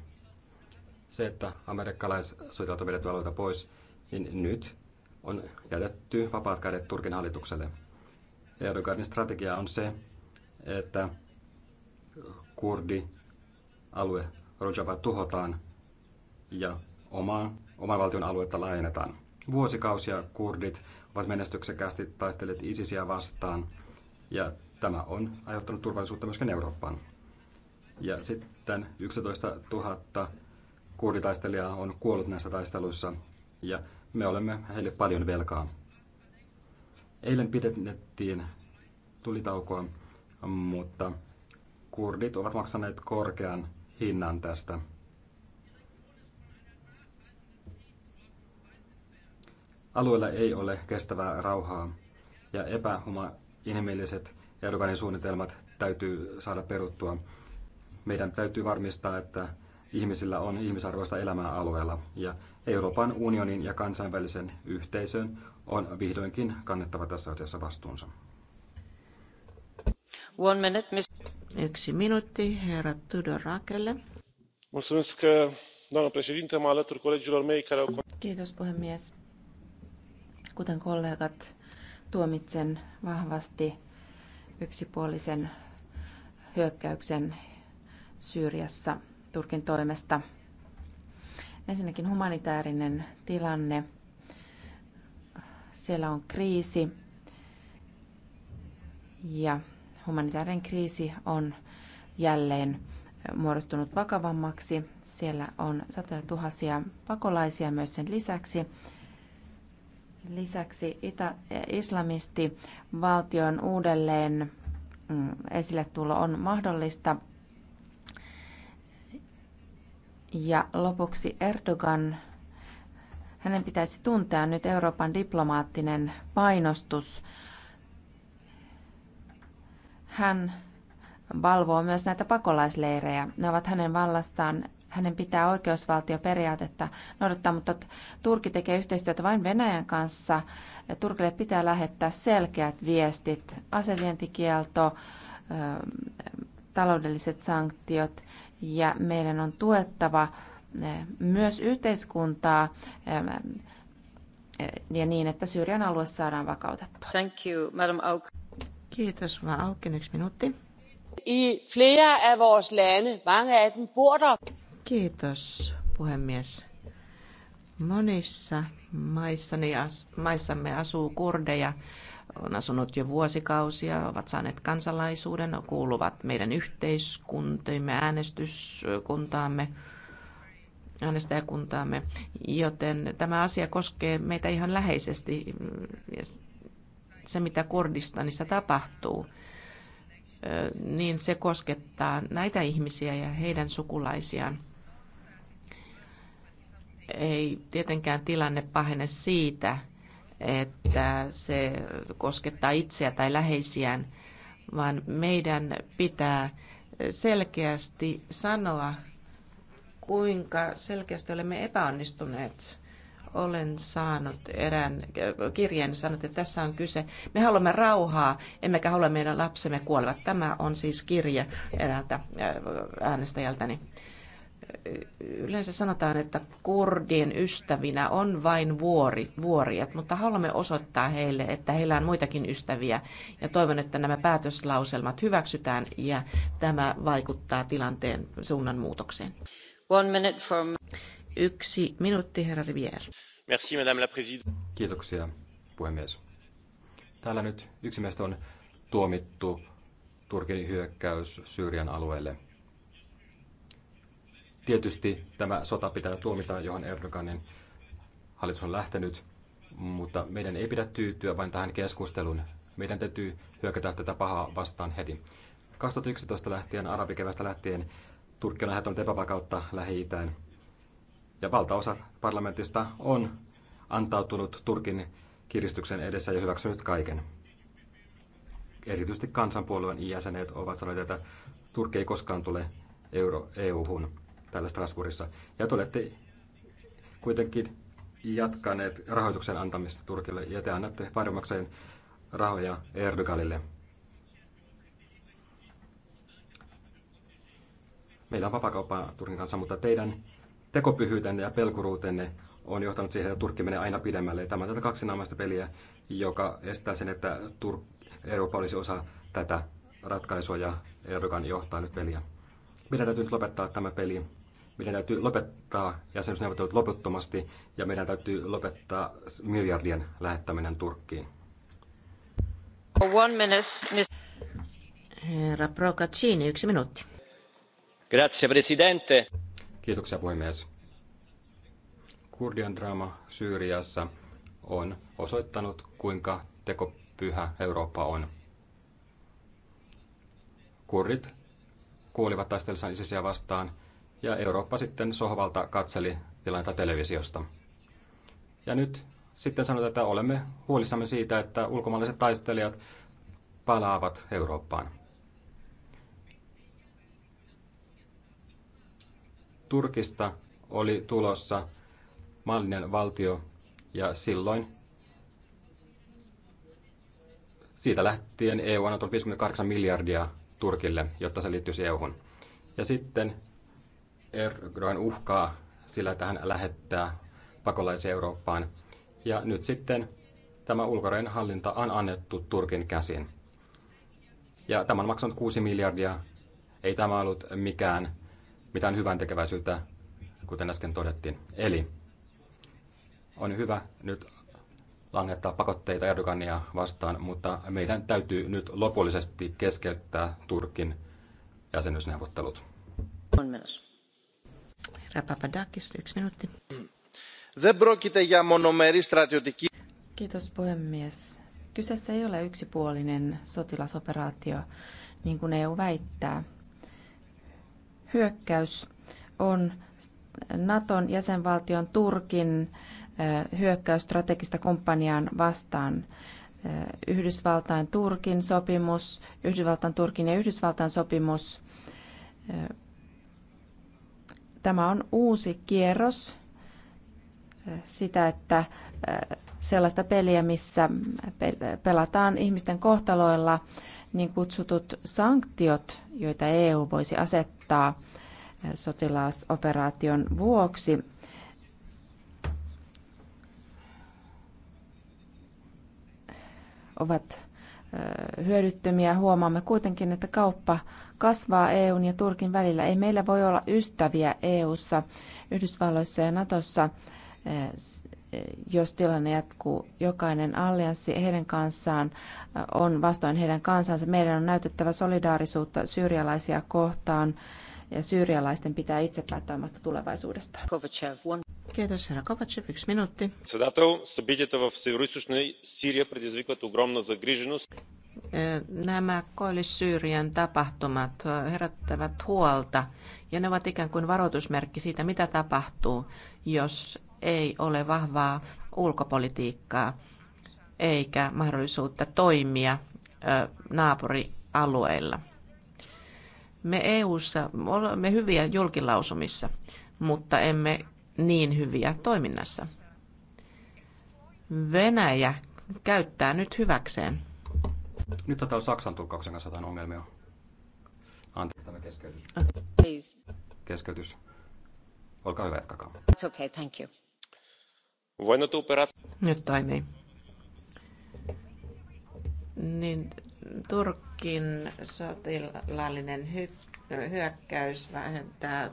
Se, että amerikkalaissotilaat on vedetty alueelta pois, niin nyt on jätetty vapaat kädet Turkin hallitukselle. Erdoganin strategia on se, että kurdi alue Rojava tuhotaan ja oman, oman valtion aluetta laajennetaan. Vuosikausia kurdit ovat menestyksekkäästi taistelleet ISISiä vastaan – ja tämä on aiheuttanut turvallisuutta myöskin Eurooppaan. Ja sitten 11 000 kurditaistelijaa on kuollut näissä taisteluissa ja me olemme heille paljon velkaa. Eilen pidettiin tulitaukoa, mutta kurdit ovat maksaneet korkean hinnan tästä. Alueella ei ole kestävää rauhaa ja epähuma inhimilliset Erdoganin suunnitelmat täytyy saada peruttua. Meidän täytyy varmistaa, että ihmisillä on ihmisarvoista elämää alueella ja Euroopan unionin ja kansainvälisen yhteisön on vihdoinkin kannettava tässä asiassa vastuunsa. One minute, miss- Yksi minuutti, herra Tudor Rakelle. Mulțumesc, doamnă președinte, mă Kiitos, puhemies. Kuten kollegat, tuomitsen vahvasti yksipuolisen hyökkäyksen Syyriassa Turkin toimesta. Ensinnäkin humanitaarinen tilanne. Siellä on kriisi ja humanitaarinen kriisi on jälleen muodostunut vakavammaksi. Siellä on satoja tuhansia pakolaisia myös sen lisäksi Lisäksi itä-islamisti valtion uudelleen mm, esille tulo on mahdollista. Ja lopuksi Erdogan, hänen pitäisi tuntea nyt Euroopan diplomaattinen painostus. Hän valvoo myös näitä pakolaisleirejä. Ne ovat hänen vallastaan hänen pitää oikeusvaltioperiaatetta noudattaa, mutta Turkki tekee yhteistyötä vain Venäjän kanssa. Turkille pitää lähettää selkeät viestit, asevientikielto, taloudelliset sanktiot ja meidän on tuettava myös yhteiskuntaa ja niin, että Syyrian alue saadaan vakautettua. Thank you, Madam Auk. Kiitos, vaan Aukin yksi minuutti. I flera av vårt land, många av dem bor Kiitos, puhemies. Monissa maissani, maissamme asuu kurdeja, on asunut jo vuosikausia, ovat saaneet kansalaisuuden, kuuluvat meidän yhteiskuntiimme, äänestyskuntaamme, äänestäjäkuntaamme, joten tämä asia koskee meitä ihan läheisesti. Se, mitä Kurdistanissa tapahtuu, niin se koskettaa näitä ihmisiä ja heidän sukulaisiaan ei tietenkään tilanne pahene siitä, että se koskettaa itseä tai läheisiään, vaan meidän pitää selkeästi sanoa, kuinka selkeästi olemme epäonnistuneet. Olen saanut erään kirjeen, sanot, että tässä on kyse. Me haluamme rauhaa, emmekä halua meidän lapsemme kuolevat. Tämä on siis kirje eräältä äänestäjältäni yleensä sanotaan, että kurdien ystävinä on vain vuori, vuoriat, mutta haluamme osoittaa heille, että heillä on muitakin ystäviä ja toivon, että nämä päätöslauselmat hyväksytään ja tämä vaikuttaa tilanteen suunnan One minute from... Yksi minuutti, herra Rivière. Merci, madame la présidente. Kiitoksia, puhemies. Täällä nyt yksi meistä on tuomittu Turkin hyökkäys Syyrian alueelle – Tietysti tämä sota pitää tuomita, johon Erdoganin hallitus on lähtenyt, mutta meidän ei pidä tyytyä vain tähän keskusteluun. Meidän täytyy hyökätä tätä pahaa vastaan heti. 2011 lähtien, arabikevästä lähtien, Turkki on lähettänyt epävakautta Lähi-Itään. Ja valtaosa parlamentista on antautunut Turkin kiristyksen edessä ja hyväksynyt kaiken. Erityisesti kansanpuolueen jäsenet ovat sanoneet, että Turkki ei koskaan tule euro EU-hun täällä Strasbourgissa. Ja te olette kuitenkin jatkaneet rahoituksen antamista Turkille ja te annatte veronmaksajien rahoja Erdoganille. Meillä on vapakauppaa Turkin kanssa, mutta teidän tekopyhyytenne ja pelkuruutenne on johtanut siihen, että Turkki menee aina pidemmälle. Tämä on tätä kaksinaamaista peliä, joka estää sen, että Tur- Eurooppa olisi osa tätä ratkaisua ja Erdogan johtaa nyt peliä. Meidän täytyy nyt lopettaa tämä peli meidän täytyy lopettaa jäsenyysneuvottelut loputtomasti ja meidän täytyy lopettaa miljardien lähettäminen Turkkiin. One minute, Herra Procaccini, yksi minuutti. Grazie, presidente. Kiitoksia, puhemies. Kurdian draama Syyriassa on osoittanut, kuinka tekopyhä Eurooppa on. Kurdit kuolivat taistelessaan isisiä vastaan ja Eurooppa sitten sohvalta katseli tilannetta televisiosta. Ja nyt sitten sanotaan, että olemme huolissamme siitä, että ulkomaalaiset taistelijat palaavat Eurooppaan. Turkista oli tulossa maallinen valtio ja silloin siitä lähtien EU antoi 58 miljardia Turkille, jotta se liittyisi EUhun. Ja sitten Erdogan uhkaa sillä, että hän lähettää pakolaisia Eurooppaan. Ja nyt sitten tämä ulkorajan hallinta on annettu Turkin käsin. Ja tämä on maksanut 6 miljardia. Ei tämä ollut mikään, mitään hyvän tekeväisyyttä, kuten äsken todettiin. Eli on hyvä nyt langettaa pakotteita Erdogania vastaan, mutta meidän täytyy nyt lopullisesti keskeyttää Turkin jäsenyysneuvottelut. On menossa. Herra Kiitos puhemies. Kyseessä ei ole yksipuolinen sotilasoperaatio, niin kuin EU väittää. Hyökkäys on Naton jäsenvaltion Turkin hyökkäys strategista kumppaniaan vastaan. Yhdysvaltain Turkin sopimus, Yhdysvaltain Turkin ja Yhdysvaltain sopimus Tämä on uusi kierros sitä, että sellaista peliä, missä pelataan ihmisten kohtaloilla, niin kutsutut sanktiot, joita EU voisi asettaa sotilasoperaation vuoksi, ovat hyödyttömiä. Huomaamme kuitenkin, että kauppa kasvaa EUn ja Turkin välillä. Ei meillä voi olla ystäviä EUssa, Yhdysvalloissa ja Natossa, eh, jos tilanne jatkuu. Jokainen allianssi heidän kanssaan eh, on vastoin heidän kansansa. Meidän on näytettävä solidaarisuutta syyrialaisia kohtaan ja syyrialaisten pitää itse päättää omasta tulevaisuudestaan. Председател, събитията в Североизточна Сирия предизвикват огромна загриженост. Nämä Koillis-Syyrian tapahtumat herättävät huolta ja ne ovat ikään kuin varoitusmerkki siitä, mitä tapahtuu, jos ei ole vahvaa ulkopolitiikkaa eikä mahdollisuutta toimia naapurialueilla. Me EU:ssa olemme hyviä julkilausumissa, mutta emme niin hyviä toiminnassa. Venäjä käyttää nyt hyväkseen. Nyt on on Saksan tulkkauksen kanssa jotain ongelmia. Anteeksi tämä keskeytys. Please. Keskeytys. Olkaa hyvä, jatkakaa. It's okay, thank you. Nyt toimii. Niin, Turkin sotilaallinen hyökkäys hyökkäys vähentää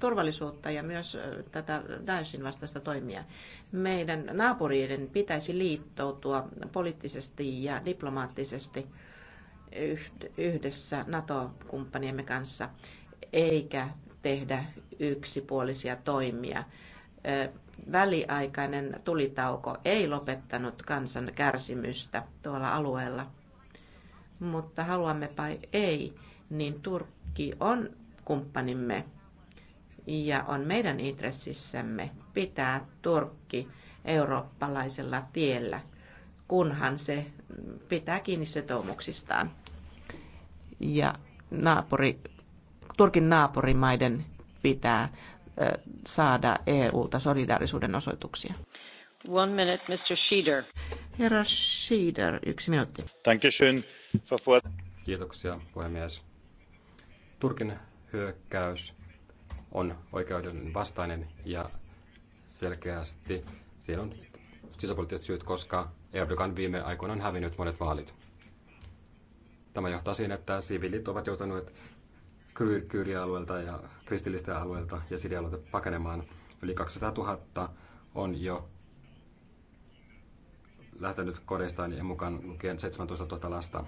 turvallisuutta ja myös tätä Daeshin vastaista toimia. Meidän naapuriiden pitäisi liittoutua poliittisesti ja diplomaattisesti yhdessä NATO-kumppaniemme kanssa, eikä tehdä yksipuolisia toimia. Väliaikainen tulitauko ei lopettanut kansan kärsimystä tuolla alueella, mutta haluamme ei, niin Turkki Turkki on kumppanimme ja on meidän intressissämme pitää Turkki eurooppalaisella tiellä, kunhan se pitää kiinni sitoumuksistaan. Ja naapuri, Turkin naapurimaiden pitää saada EU: EU-ta solidaarisuuden osoituksia. One minute, Mr. Schieder. Herra Schieder, yksi minuutti. Kiitoksia, puhemies Turkin hyökkäys on oikeuden vastainen ja selkeästi siellä on sisäpoliittiset syyt, koska Erdogan viime aikoina on hävinnyt monet vaalit. Tämä johtaa siihen, että siviilit ovat joutuneet kyyrialueelta ja kristillistä alueelta ja sidialueelta pakenemaan. Yli 200 000 on jo lähtenyt kodeistaan ja mukaan lukien 17 000 lasta.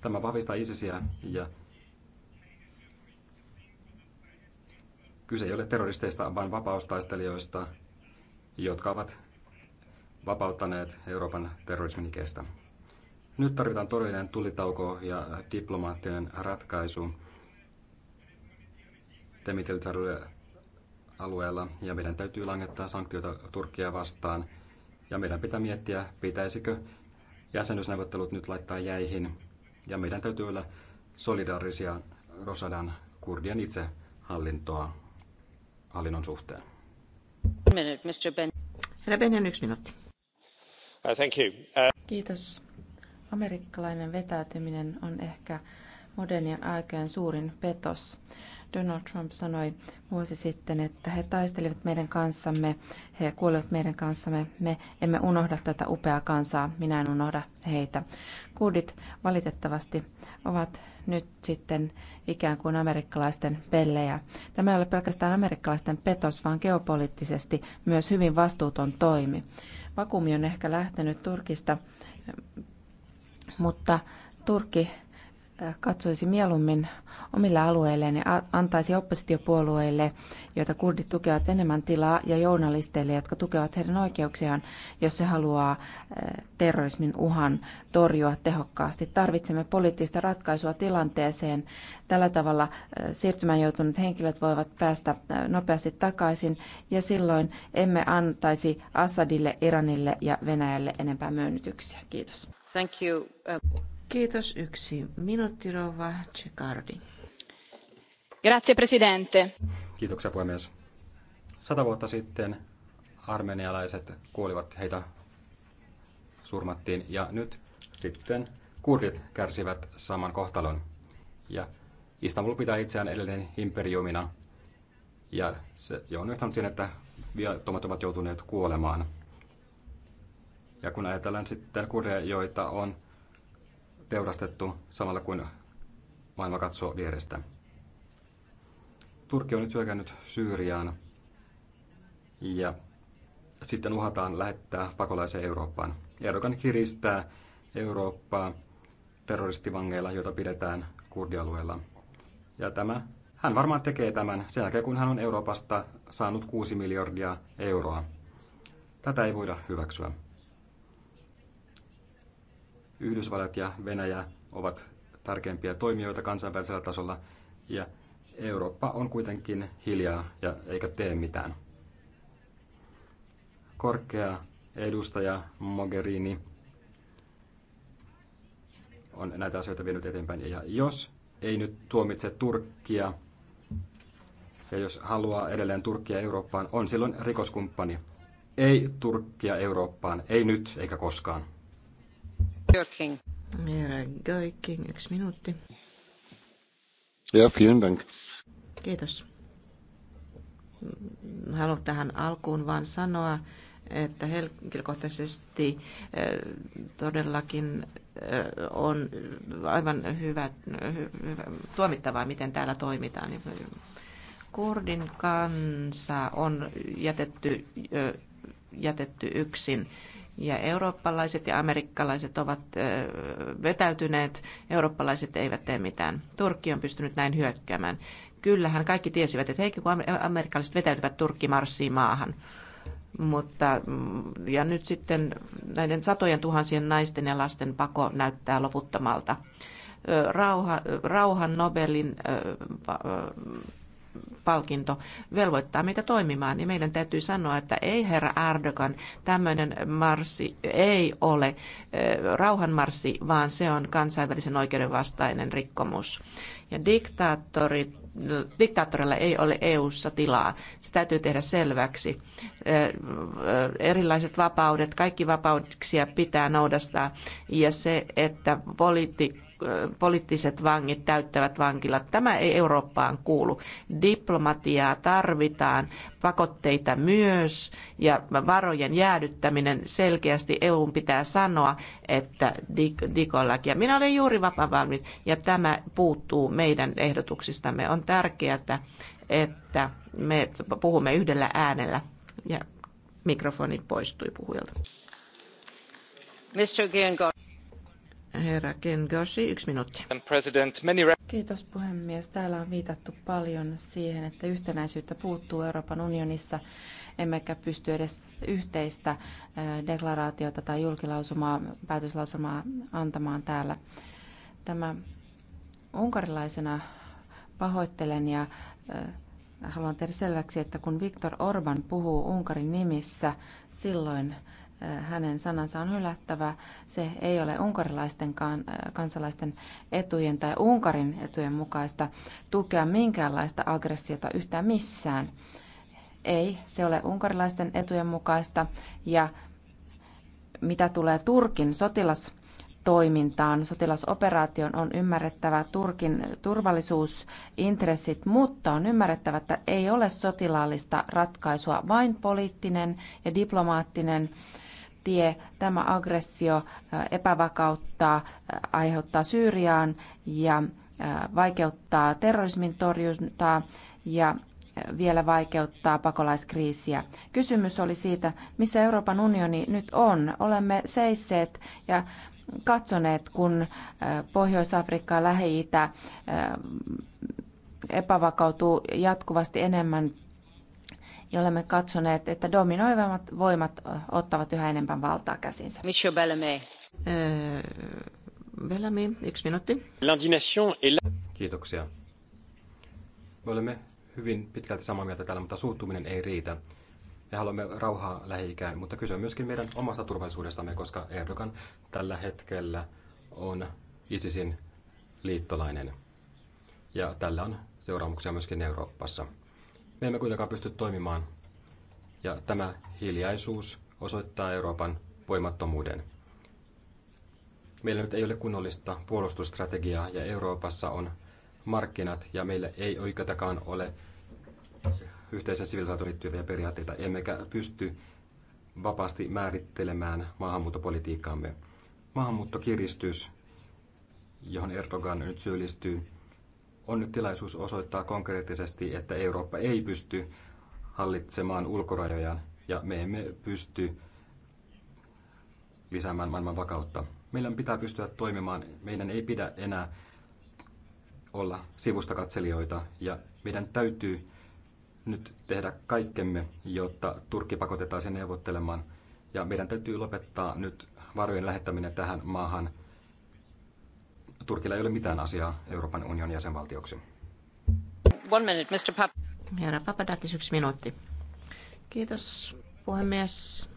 Tämä vahvistaa ISISiä ja Kyse ei ole terroristeista, vaan vapaustaistelijoista, jotka ovat vapauttaneet Euroopan terrorismin Nyt tarvitaan todellinen tulitauko ja diplomaattinen ratkaisu Demitiltarulle alueella ja meidän täytyy langettaa sanktioita Turkkia vastaan ja meidän pitää miettiä, pitäisikö jäsenyysneuvottelut nyt laittaa jäihin ja meidän täytyy olla solidaarisia Rosadan kurdien itsehallintoa hallinnon suhteen. Herra minuutti. Uh, thank you. Uh, Kiitos. Amerikkalainen vetäytyminen on ehkä modernien aikojen suurin petos. Donald Trump sanoi vuosi sitten, että he taistelivat meidän kanssamme, he kuolivat meidän kanssamme, me emme unohda tätä upeaa kansaa, minä en unohda heitä. Kurdit valitettavasti ovat nyt sitten ikään kuin amerikkalaisten pellejä. Tämä ei ole pelkästään amerikkalaisten petos, vaan geopoliittisesti myös hyvin vastuuton toimi. Vakuumi on ehkä lähtenyt Turkista, mutta Turkki katsoisi mieluummin omille alueilleen ja antaisi oppositiopuolueille, joita kurdit tukevat enemmän tilaa, ja journalisteille, jotka tukevat heidän oikeuksiaan, jos se haluaa terrorismin uhan torjua tehokkaasti. Tarvitsemme poliittista ratkaisua tilanteeseen. Tällä tavalla siirtymään joutuneet henkilöt voivat päästä nopeasti takaisin, ja silloin emme antaisi Assadille, Iranille ja Venäjälle enempää myönnytyksiä. Kiitos. Thank you. Um, Kiitos. Yksi minuutti, Rova Grazie, presidente. Kiitoksia, puhemies. Sata vuotta sitten armenialaiset kuolivat, heitä surmattiin, ja nyt sitten kurdit kärsivät saman kohtalon. Ja Istanbul pitää itseään edelleen imperiumina, ja se on johtanut siihen, että viattomat ovat joutuneet kuolemaan. Ja kun ajatellaan sitten kurdeja, joita on teurastettu samalla kuin maailma katsoo vierestä. Turkki on nyt hyökännyt Syyriaan ja sitten uhataan lähettää pakolaisia Eurooppaan. Erdogan kiristää Eurooppaa terroristivangeilla, joita pidetään kurdialueella. Ja tämä, hän varmaan tekee tämän sen jälkeen, kun hän on Euroopasta saanut 6 miljardia euroa. Tätä ei voida hyväksyä. Yhdysvallat ja Venäjä ovat tärkeimpiä toimijoita kansainvälisellä tasolla ja Eurooppa on kuitenkin hiljaa ja eikä tee mitään. Korkea edustaja Mogherini on näitä asioita vienyt eteenpäin. Ja jos ei nyt tuomitse Turkkia, ja jos haluaa edelleen Turkkia Eurooppaan, on silloin rikoskumppani. Ei Turkkia Eurooppaan, ei nyt eikä koskaan. Görking. Herra Görking, yksi minuutti. Ja, vielen dank. Kiitos. Haluan tähän alkuun vain sanoa, että henkilökohtaisesti eh, todellakin eh, on aivan hyvä, hyvä, tuomittavaa, miten täällä toimitaan. Kurdin kansa on jätetty, eh, jätetty yksin ja eurooppalaiset ja amerikkalaiset ovat vetäytyneet, eurooppalaiset eivät tee mitään. Turkki on pystynyt näin hyökkäämään. Kyllähän kaikki tiesivät, että heikin kun amerikkalaiset vetäytyvät, Turkki marssii maahan. Mutta, mm, ja nyt sitten näiden satojen tuhansien naisten ja lasten pako näyttää loputtomalta. Rauha, rauhan Nobelin palkinto velvoittaa meitä toimimaan, niin meidän täytyy sanoa, että ei herra Erdogan, tämmöinen marssi ei ole rauhanmarssi, vaan se on kansainvälisen oikeuden vastainen rikkomus. Ja diktaattori, diktaattorilla ei ole EU:ssa tilaa. Se täytyy tehdä selväksi. Erilaiset vapaudet, kaikki vapauksia pitää noudastaa ja se, että poliitikko poliittiset vangit täyttävät vankilat. Tämä ei Eurooppaan kuulu. Diplomatiaa tarvitaan, pakotteita myös ja varojen jäädyttäminen. Selkeästi EUn pitää sanoa, että ja Minä olen juuri vapaavalmis ja tämä puuttuu meidän ehdotuksistamme. On tärkeää, että me puhumme yhdellä äänellä ja mikrofoni poistui puhujalta. Mr. Herra Ken Goshi, yksi minuutti. Kiitos puhemies. Täällä on viitattu paljon siihen, että yhtenäisyyttä puuttuu Euroopan unionissa, emmekä pysty edes yhteistä deklaraatiota tai julkilausumaa, päätöslausumaa antamaan täällä. Tämä unkarilaisena pahoittelen ja haluan tehdä selväksi, että kun Viktor Orban puhuu Unkarin nimissä, silloin Äh, hänen sanansa on hylättävä. Se ei ole unkarilaisten äh, kansalaisten etujen tai Unkarin etujen mukaista tukea minkäänlaista aggressiota yhtään missään. Ei, se ole unkarilaisten etujen mukaista. Ja mitä tulee Turkin sotilas toimintaan. Sotilasoperaation on ymmärrettävä Turkin turvallisuusintressit, mutta on ymmärrettävä, että ei ole sotilaallista ratkaisua, vain poliittinen ja diplomaattinen äh, tie. Tämä aggressio epävakauttaa, aiheuttaa Syyriaan ja vaikeuttaa terrorismin torjuntaa ja vielä vaikeuttaa pakolaiskriisiä. Kysymys oli siitä, missä Euroopan unioni nyt on. Olemme seisseet ja katsoneet, kun Pohjois-Afrikka ja Lähi-Itä epävakautuu jatkuvasti enemmän ja olemme katsoneet, että dominoivat voimat ottavat yhä enemmän valtaa käsinsä. Michel Bellamy. Bellamy, yksi minuutti. Kiitoksia. Me olemme hyvin pitkälti samaa mieltä täällä, mutta suuttuminen ei riitä. Me haluamme rauhaa lähi mutta kyse on myöskin meidän omasta turvallisuudestamme, koska Erdogan tällä hetkellä on ISISin liittolainen. Ja tällä on seuraamuksia myöskin Euroopassa. Me emme kuitenkaan pysty toimimaan. Ja tämä hiljaisuus osoittaa Euroopan voimattomuuden. Meillä nyt ei ole kunnollista puolustusstrategiaa ja Euroopassa on markkinat ja meillä ei oikeatakaan ole yhteisen sivilisaatioon liittyviä periaatteita, emmekä pysty vapaasti määrittelemään maahanmuuttopolitiikkaamme. Maahanmuuttokiristys, johon Erdogan nyt syyllistyy, on nyt tilaisuus osoittaa konkreettisesti, että Eurooppa ei pysty hallitsemaan ulkorajojaan ja me emme pysty lisäämään maailman vakautta. Meidän pitää pystyä toimimaan. Meidän ei pidä enää olla sivustakatselijoita ja meidän täytyy nyt tehdä kaikkemme, jotta Turkki pakotetaan sen neuvottelemaan. Ja meidän täytyy lopettaa nyt varojen lähettäminen tähän maahan – Turkilla ei ole mitään asiaa Euroopan unionin jäsenvaltioksi. One minute, Mr. Pap- Herra Papadakis, yksi minuutti. Kiitos, puhemies.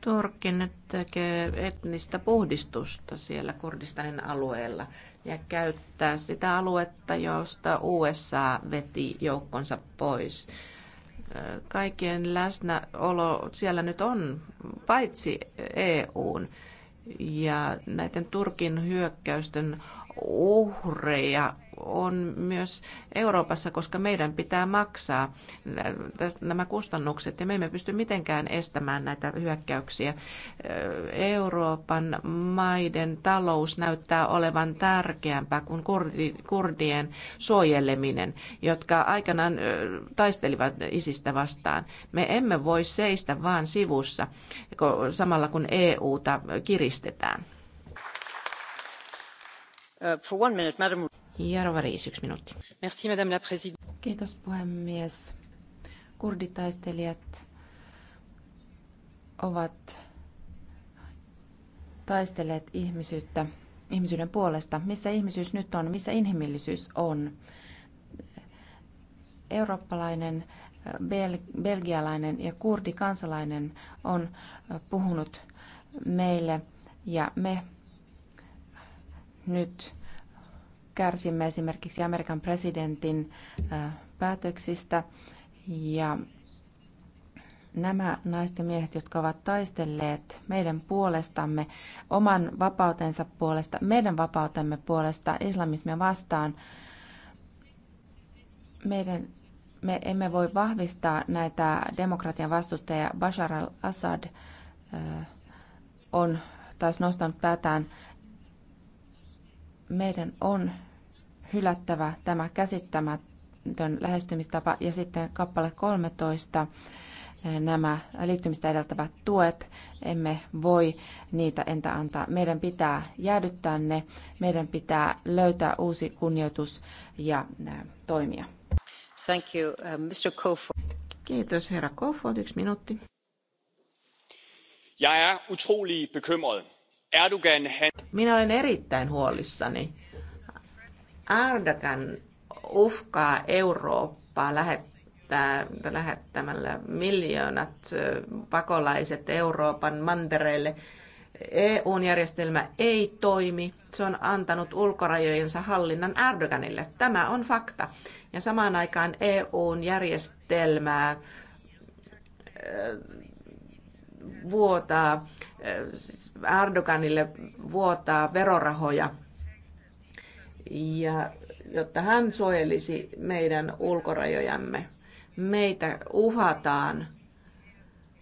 Turkki nyt tekee etnistä puhdistusta siellä Kurdistanin alueella ja käyttää sitä aluetta, josta USA veti joukkonsa pois kaikkien läsnäolo siellä nyt on, paitsi EUn. Ja näiden Turkin hyökkäysten uhreja on myös Euroopassa, koska meidän pitää maksaa nämä kustannukset ja me emme pysty mitenkään estämään näitä hyökkäyksiä. Euroopan maiden talous näyttää olevan tärkeämpää kuin kurdien suojeleminen, jotka aikanaan taistelivat isistä vastaan. Me emme voi seistä vaan sivussa samalla kun EUta kiristetään. Uh, arvoisa Kiitos puhemies. Kurditaistelijat ovat taistelleet ihmisyyttä, ihmisyyden puolesta. Missä ihmisyys nyt on? Missä inhimillisyys on? Eurooppalainen, bel, belgialainen ja kurdikansalainen on puhunut meille ja me nyt kärsimme esimerkiksi Amerikan presidentin päätöksistä ja nämä naiset ja miehet, jotka ovat taistelleet meidän puolestamme, oman vapautensa puolesta, meidän vapautemme puolesta, islamismia vastaan, meidän, me emme voi vahvistaa näitä demokratian vastustajia. Bashar al-Assad on taas nostanut päätään meidän on hylättävä tämä käsittämätön lähestymistapa ja sitten kappale 13 eh, nämä liittymistä edeltävät tuet, emme voi niitä entä antaa. Meidän pitää jäädyttää ne, meidän pitää löytää uusi kunnioitus ja eh, toimia. Thank you, eh, Mr. Kofod. Kiitos, herra Kofod. Yksi minuutti. Jeg er utrolig bekymret. Minä olen erittäin huolissani. Erdogan uhkaa Eurooppaa lähettää, lähettämällä miljoonat pakolaiset Euroopan mantereille. EUn järjestelmä ei toimi. Se on antanut ulkorajojensa hallinnan Erdoganille. Tämä on fakta. Ja samaan aikaan EUn järjestelmää vuotaa, äh, siis Erdoganille vuotaa verorahoja, ja jotta hän suojelisi meidän ulkorajojamme. Meitä uhataan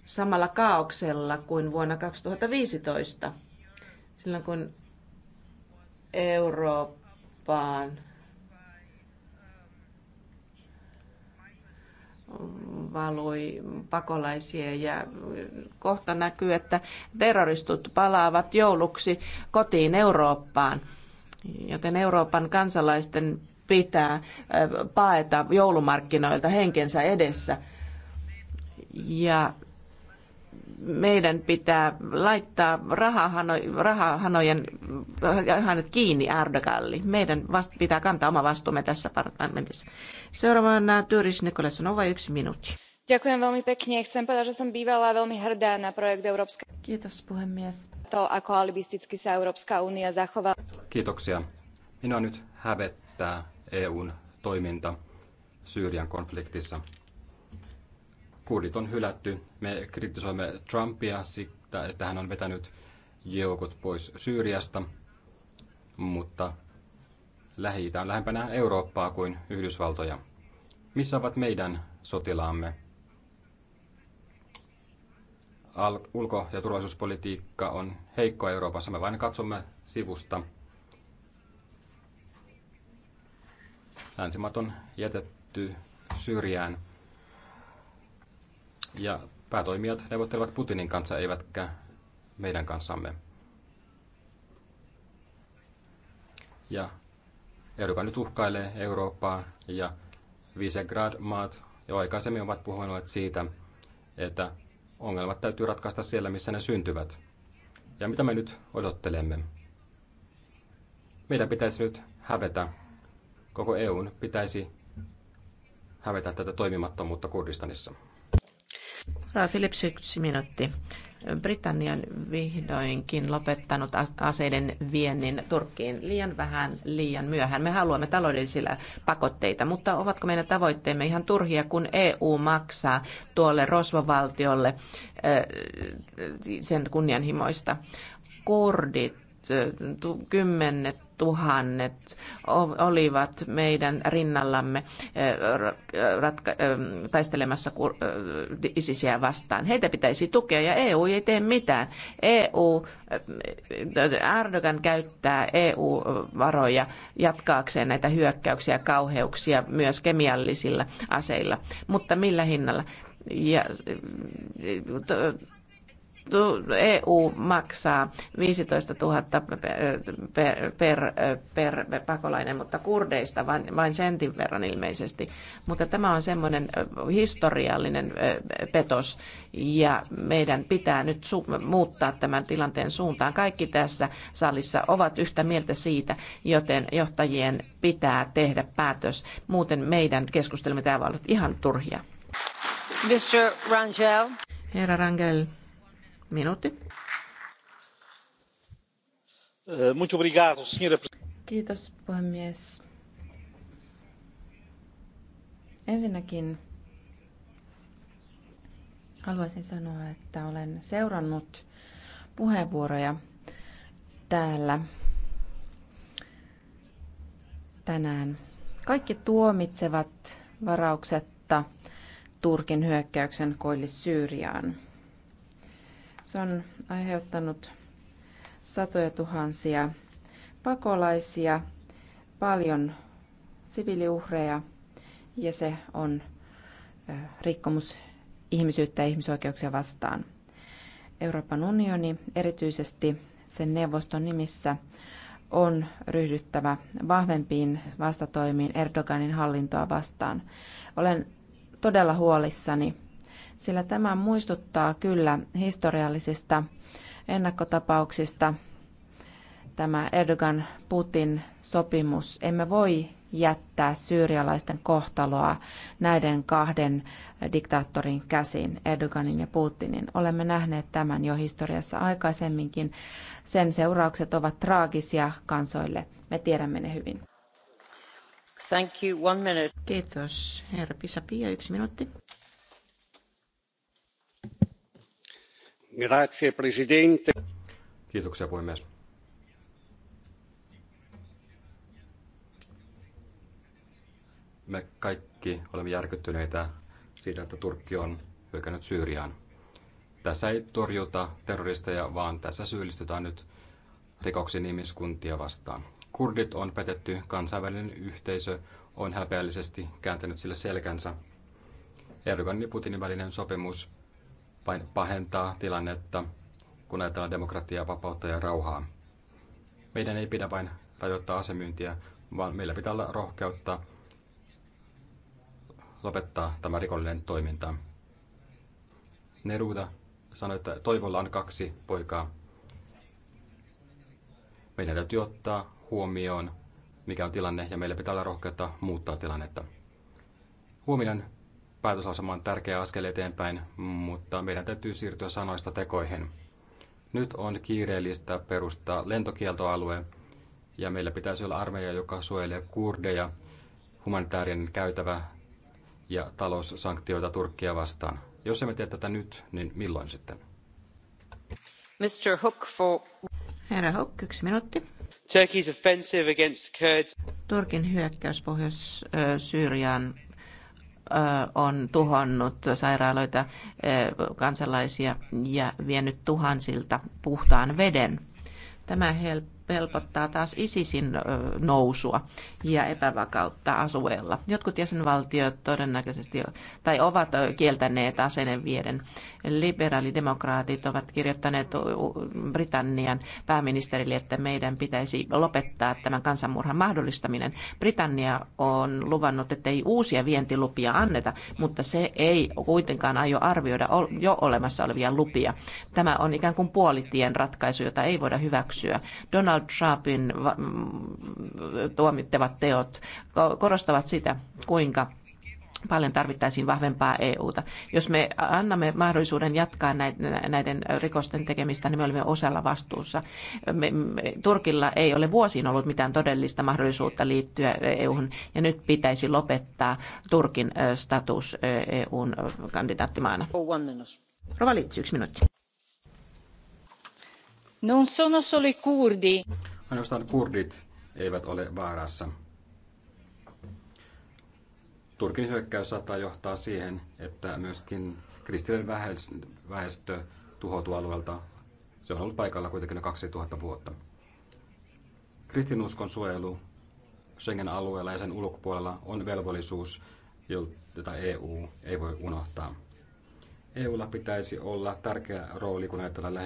samalla kaauksella kuin vuonna 2015, silloin kun Eurooppaan valoi pakolaisia ja kohta näkyy, että terroristut palaavat jouluksi kotiin Eurooppaan. Joten Euroopan kansalaisten pitää paeta joulumarkkinoilta henkensä edessä. Ja meidän pitää laittaa rahahano, rahahanojen hanat kiinni Erdoganille. Meidän vast, pitää kantaa oma vastuumme tässä parlamentissa. Seuraavana Tyris Nikolas Nova, yksi minuutti. Ďakujem veľmi pekne. Chcem povedať, že som bývala veľmi hrdá na projekt Európska... Kiitos puhemies. To, ako alibisticky sa Európska únia zachovala. Kiitoksia. Minua nyt hävettää EUn toiminta Syyrian konfliktissa kurdit on hylätty. Me kritisoimme Trumpia siitä, että hän on vetänyt joukot pois Syyriasta, mutta lähi on lähempänä Eurooppaa kuin Yhdysvaltoja. Missä ovat meidän sotilaamme? Al- ulko- ja turvallisuuspolitiikka on heikko Euroopassa. Me vain katsomme sivusta. Länsimaat on jätetty syrjään ja päätoimijat neuvottelevat Putinin kanssa, eivätkä meidän kanssamme. Ja Erdogan nyt uhkailee Eurooppaa ja Visegrad-maat jo aikaisemmin ovat puhuneet siitä, että ongelmat täytyy ratkaista siellä, missä ne syntyvät. Ja mitä me nyt odottelemme? Meidän pitäisi nyt hävetä, koko EUn pitäisi hävetä tätä toimimattomuutta Kurdistanissa. Raa äh, Philips, yksi minuutti. Britannian vihdoinkin lopettanut aseiden viennin Turkkiin liian vähän, liian myöhään. Me haluamme taloudellisilla pakotteita, mutta ovatko meidän tavoitteemme ihan turhia, kun EU maksaa tuolle rosvovaltiolle äh, sen kunnianhimoista? Kurdit kymmenet tuhannet olivat meidän rinnallamme eh, eh, eh, taistelemassa ISISiä vastaan. Heitä pitäisi tukea ja EU ei tee mitään. EU, Erdogan käyttää EU-varoja jatkaakseen näitä hyökkäyksiä ja kauheuksia myös kemiallisilla aseilla, mutta millä hinnalla? Ja EU maksaa 15 000 per, per, per, per pakolainen, mutta kurdeista vain, vain sentin verran ilmeisesti. Mutta tämä on semmoinen historiallinen petos ja meidän pitää nyt muuttaa tämän tilanteen suuntaan. Kaikki tässä salissa ovat yhtä mieltä siitä, joten johtajien pitää tehdä päätös. Muuten meidän keskustelumme täällä ovat ihan turhia. Mr. Rangel. Herra Rangel. Eh, arvoisa puhemies. Ensinnäkin haluaisin sanoa, että olen seurannut puheenvuoroja täällä tänään. Kaikki tuomitsevat varauksetta Turkin hyökkäyksen koillis-Syyriaan. Se on aiheuttanut satoja tuhansia pakolaisia, paljon siviiliuhreja ja se on rikkomus ihmisyyttä ja ihmisoikeuksia vastaan. Euroopan unioni, erityisesti sen neuvoston nimissä, on ryhdyttävä vahvempiin vastatoimiin Erdoganin hallintoa vastaan. Olen todella huolissani sillä tämä muistuttaa kyllä historiallisista ennakkotapauksista tämä Erdogan Putin sopimus. Emme voi jättää syyrialaisten kohtaloa näiden kahden diktaattorin käsiin, Erdoganin ja Putinin. Olemme nähneet tämän jo historiassa aikaisemminkin. Sen seuraukset ovat traagisia kansoille. Me tiedämme ne hyvin. Thank you. One minute. Kiitos. Herra pia yksi minuutti. Grazie, presidente. Kiitoksia puhemies. Me kaikki olemme järkyttyneitä siitä, että Turkki on hyökännyt Syyriaan. Tässä ei torjuta terroristeja, vaan tässä syyllistetään nyt rikoksiin ihmiskuntia vastaan. Kurdit on petetty, kansainvälinen yhteisö on häpeällisesti kääntänyt sille selkänsä. Erdoganin ja Putinin välinen sopimus vain pahentaa tilannetta, kun ajatellaan demokratiaa, vapautta ja rauhaa. Meidän ei pidä vain rajoittaa asemyyntiä, vaan meillä pitää olla rohkeutta lopettaa tämä rikollinen toiminta. Neruda sanoi, että toivolla on kaksi poikaa. Meidän täytyy ottaa huomioon, mikä on tilanne, ja meillä pitää olla rohkeutta muuttaa tilannetta. Huominen päätösasema on tärkeä askel eteenpäin, mutta meidän täytyy siirtyä sanoista tekoihin. Nyt on kiireellistä perustaa lentokieltoalue, ja meillä pitäisi olla armeija, joka suojelee kurdeja, humanitaarinen käytävä ja taloussanktioita Turkkia vastaan. Jos emme tee tätä nyt, niin milloin sitten? Mr. Hook for... Herra Hook, yksi minuutti. Turkey's offensive against Kurds. Turkin hyökkäys Pohjois-Syyriaan on tuhonnut sairaaloita, kansalaisia ja vienyt tuhansilta puhtaan veden. Tämä help helpottaa taas ISISin nousua ja epävakautta asueella. Jotkut jäsenvaltiot todennäköisesti tai ovat kieltäneet aseiden vieden. Liberaalidemokraatit ovat kirjoittaneet Britannian pääministerille, että meidän pitäisi lopettaa tämän kansanmurhan mahdollistaminen. Britannia on luvannut, että ei uusia vientilupia anneta, mutta se ei kuitenkaan aio arvioida jo olemassa olevia lupia. Tämä on ikään kuin puolitien ratkaisu, jota ei voida hyväksyä. Donald Donald Trumpin tuomittavat teot korostavat sitä, kuinka paljon tarvittaisiin vahvempaa EUta. Jos me annamme mahdollisuuden jatkaa näiden rikosten tekemistä, niin me olemme osalla vastuussa. Me, me, Turkilla ei ole vuosiin ollut mitään todellista mahdollisuutta liittyä EUhun, ja nyt pitäisi lopettaa Turkin status EUn kandidaattimaana. Oh, Rova yksi minuutti. Non sono solo i kurdi. Ainoastaan kurdit eivät ole vaarassa. Turkin hyökkäys saattaa johtaa siihen, että myöskin kristillinen väestö tuhoutuu alueelta. Se on ollut paikalla kuitenkin jo 2000 vuotta. Kristinuskon suojelu Schengen-alueella ja sen ulkopuolella on velvollisuus, jota EU ei voi unohtaa. EUlla pitäisi olla tärkeä rooli, kun ajatellaan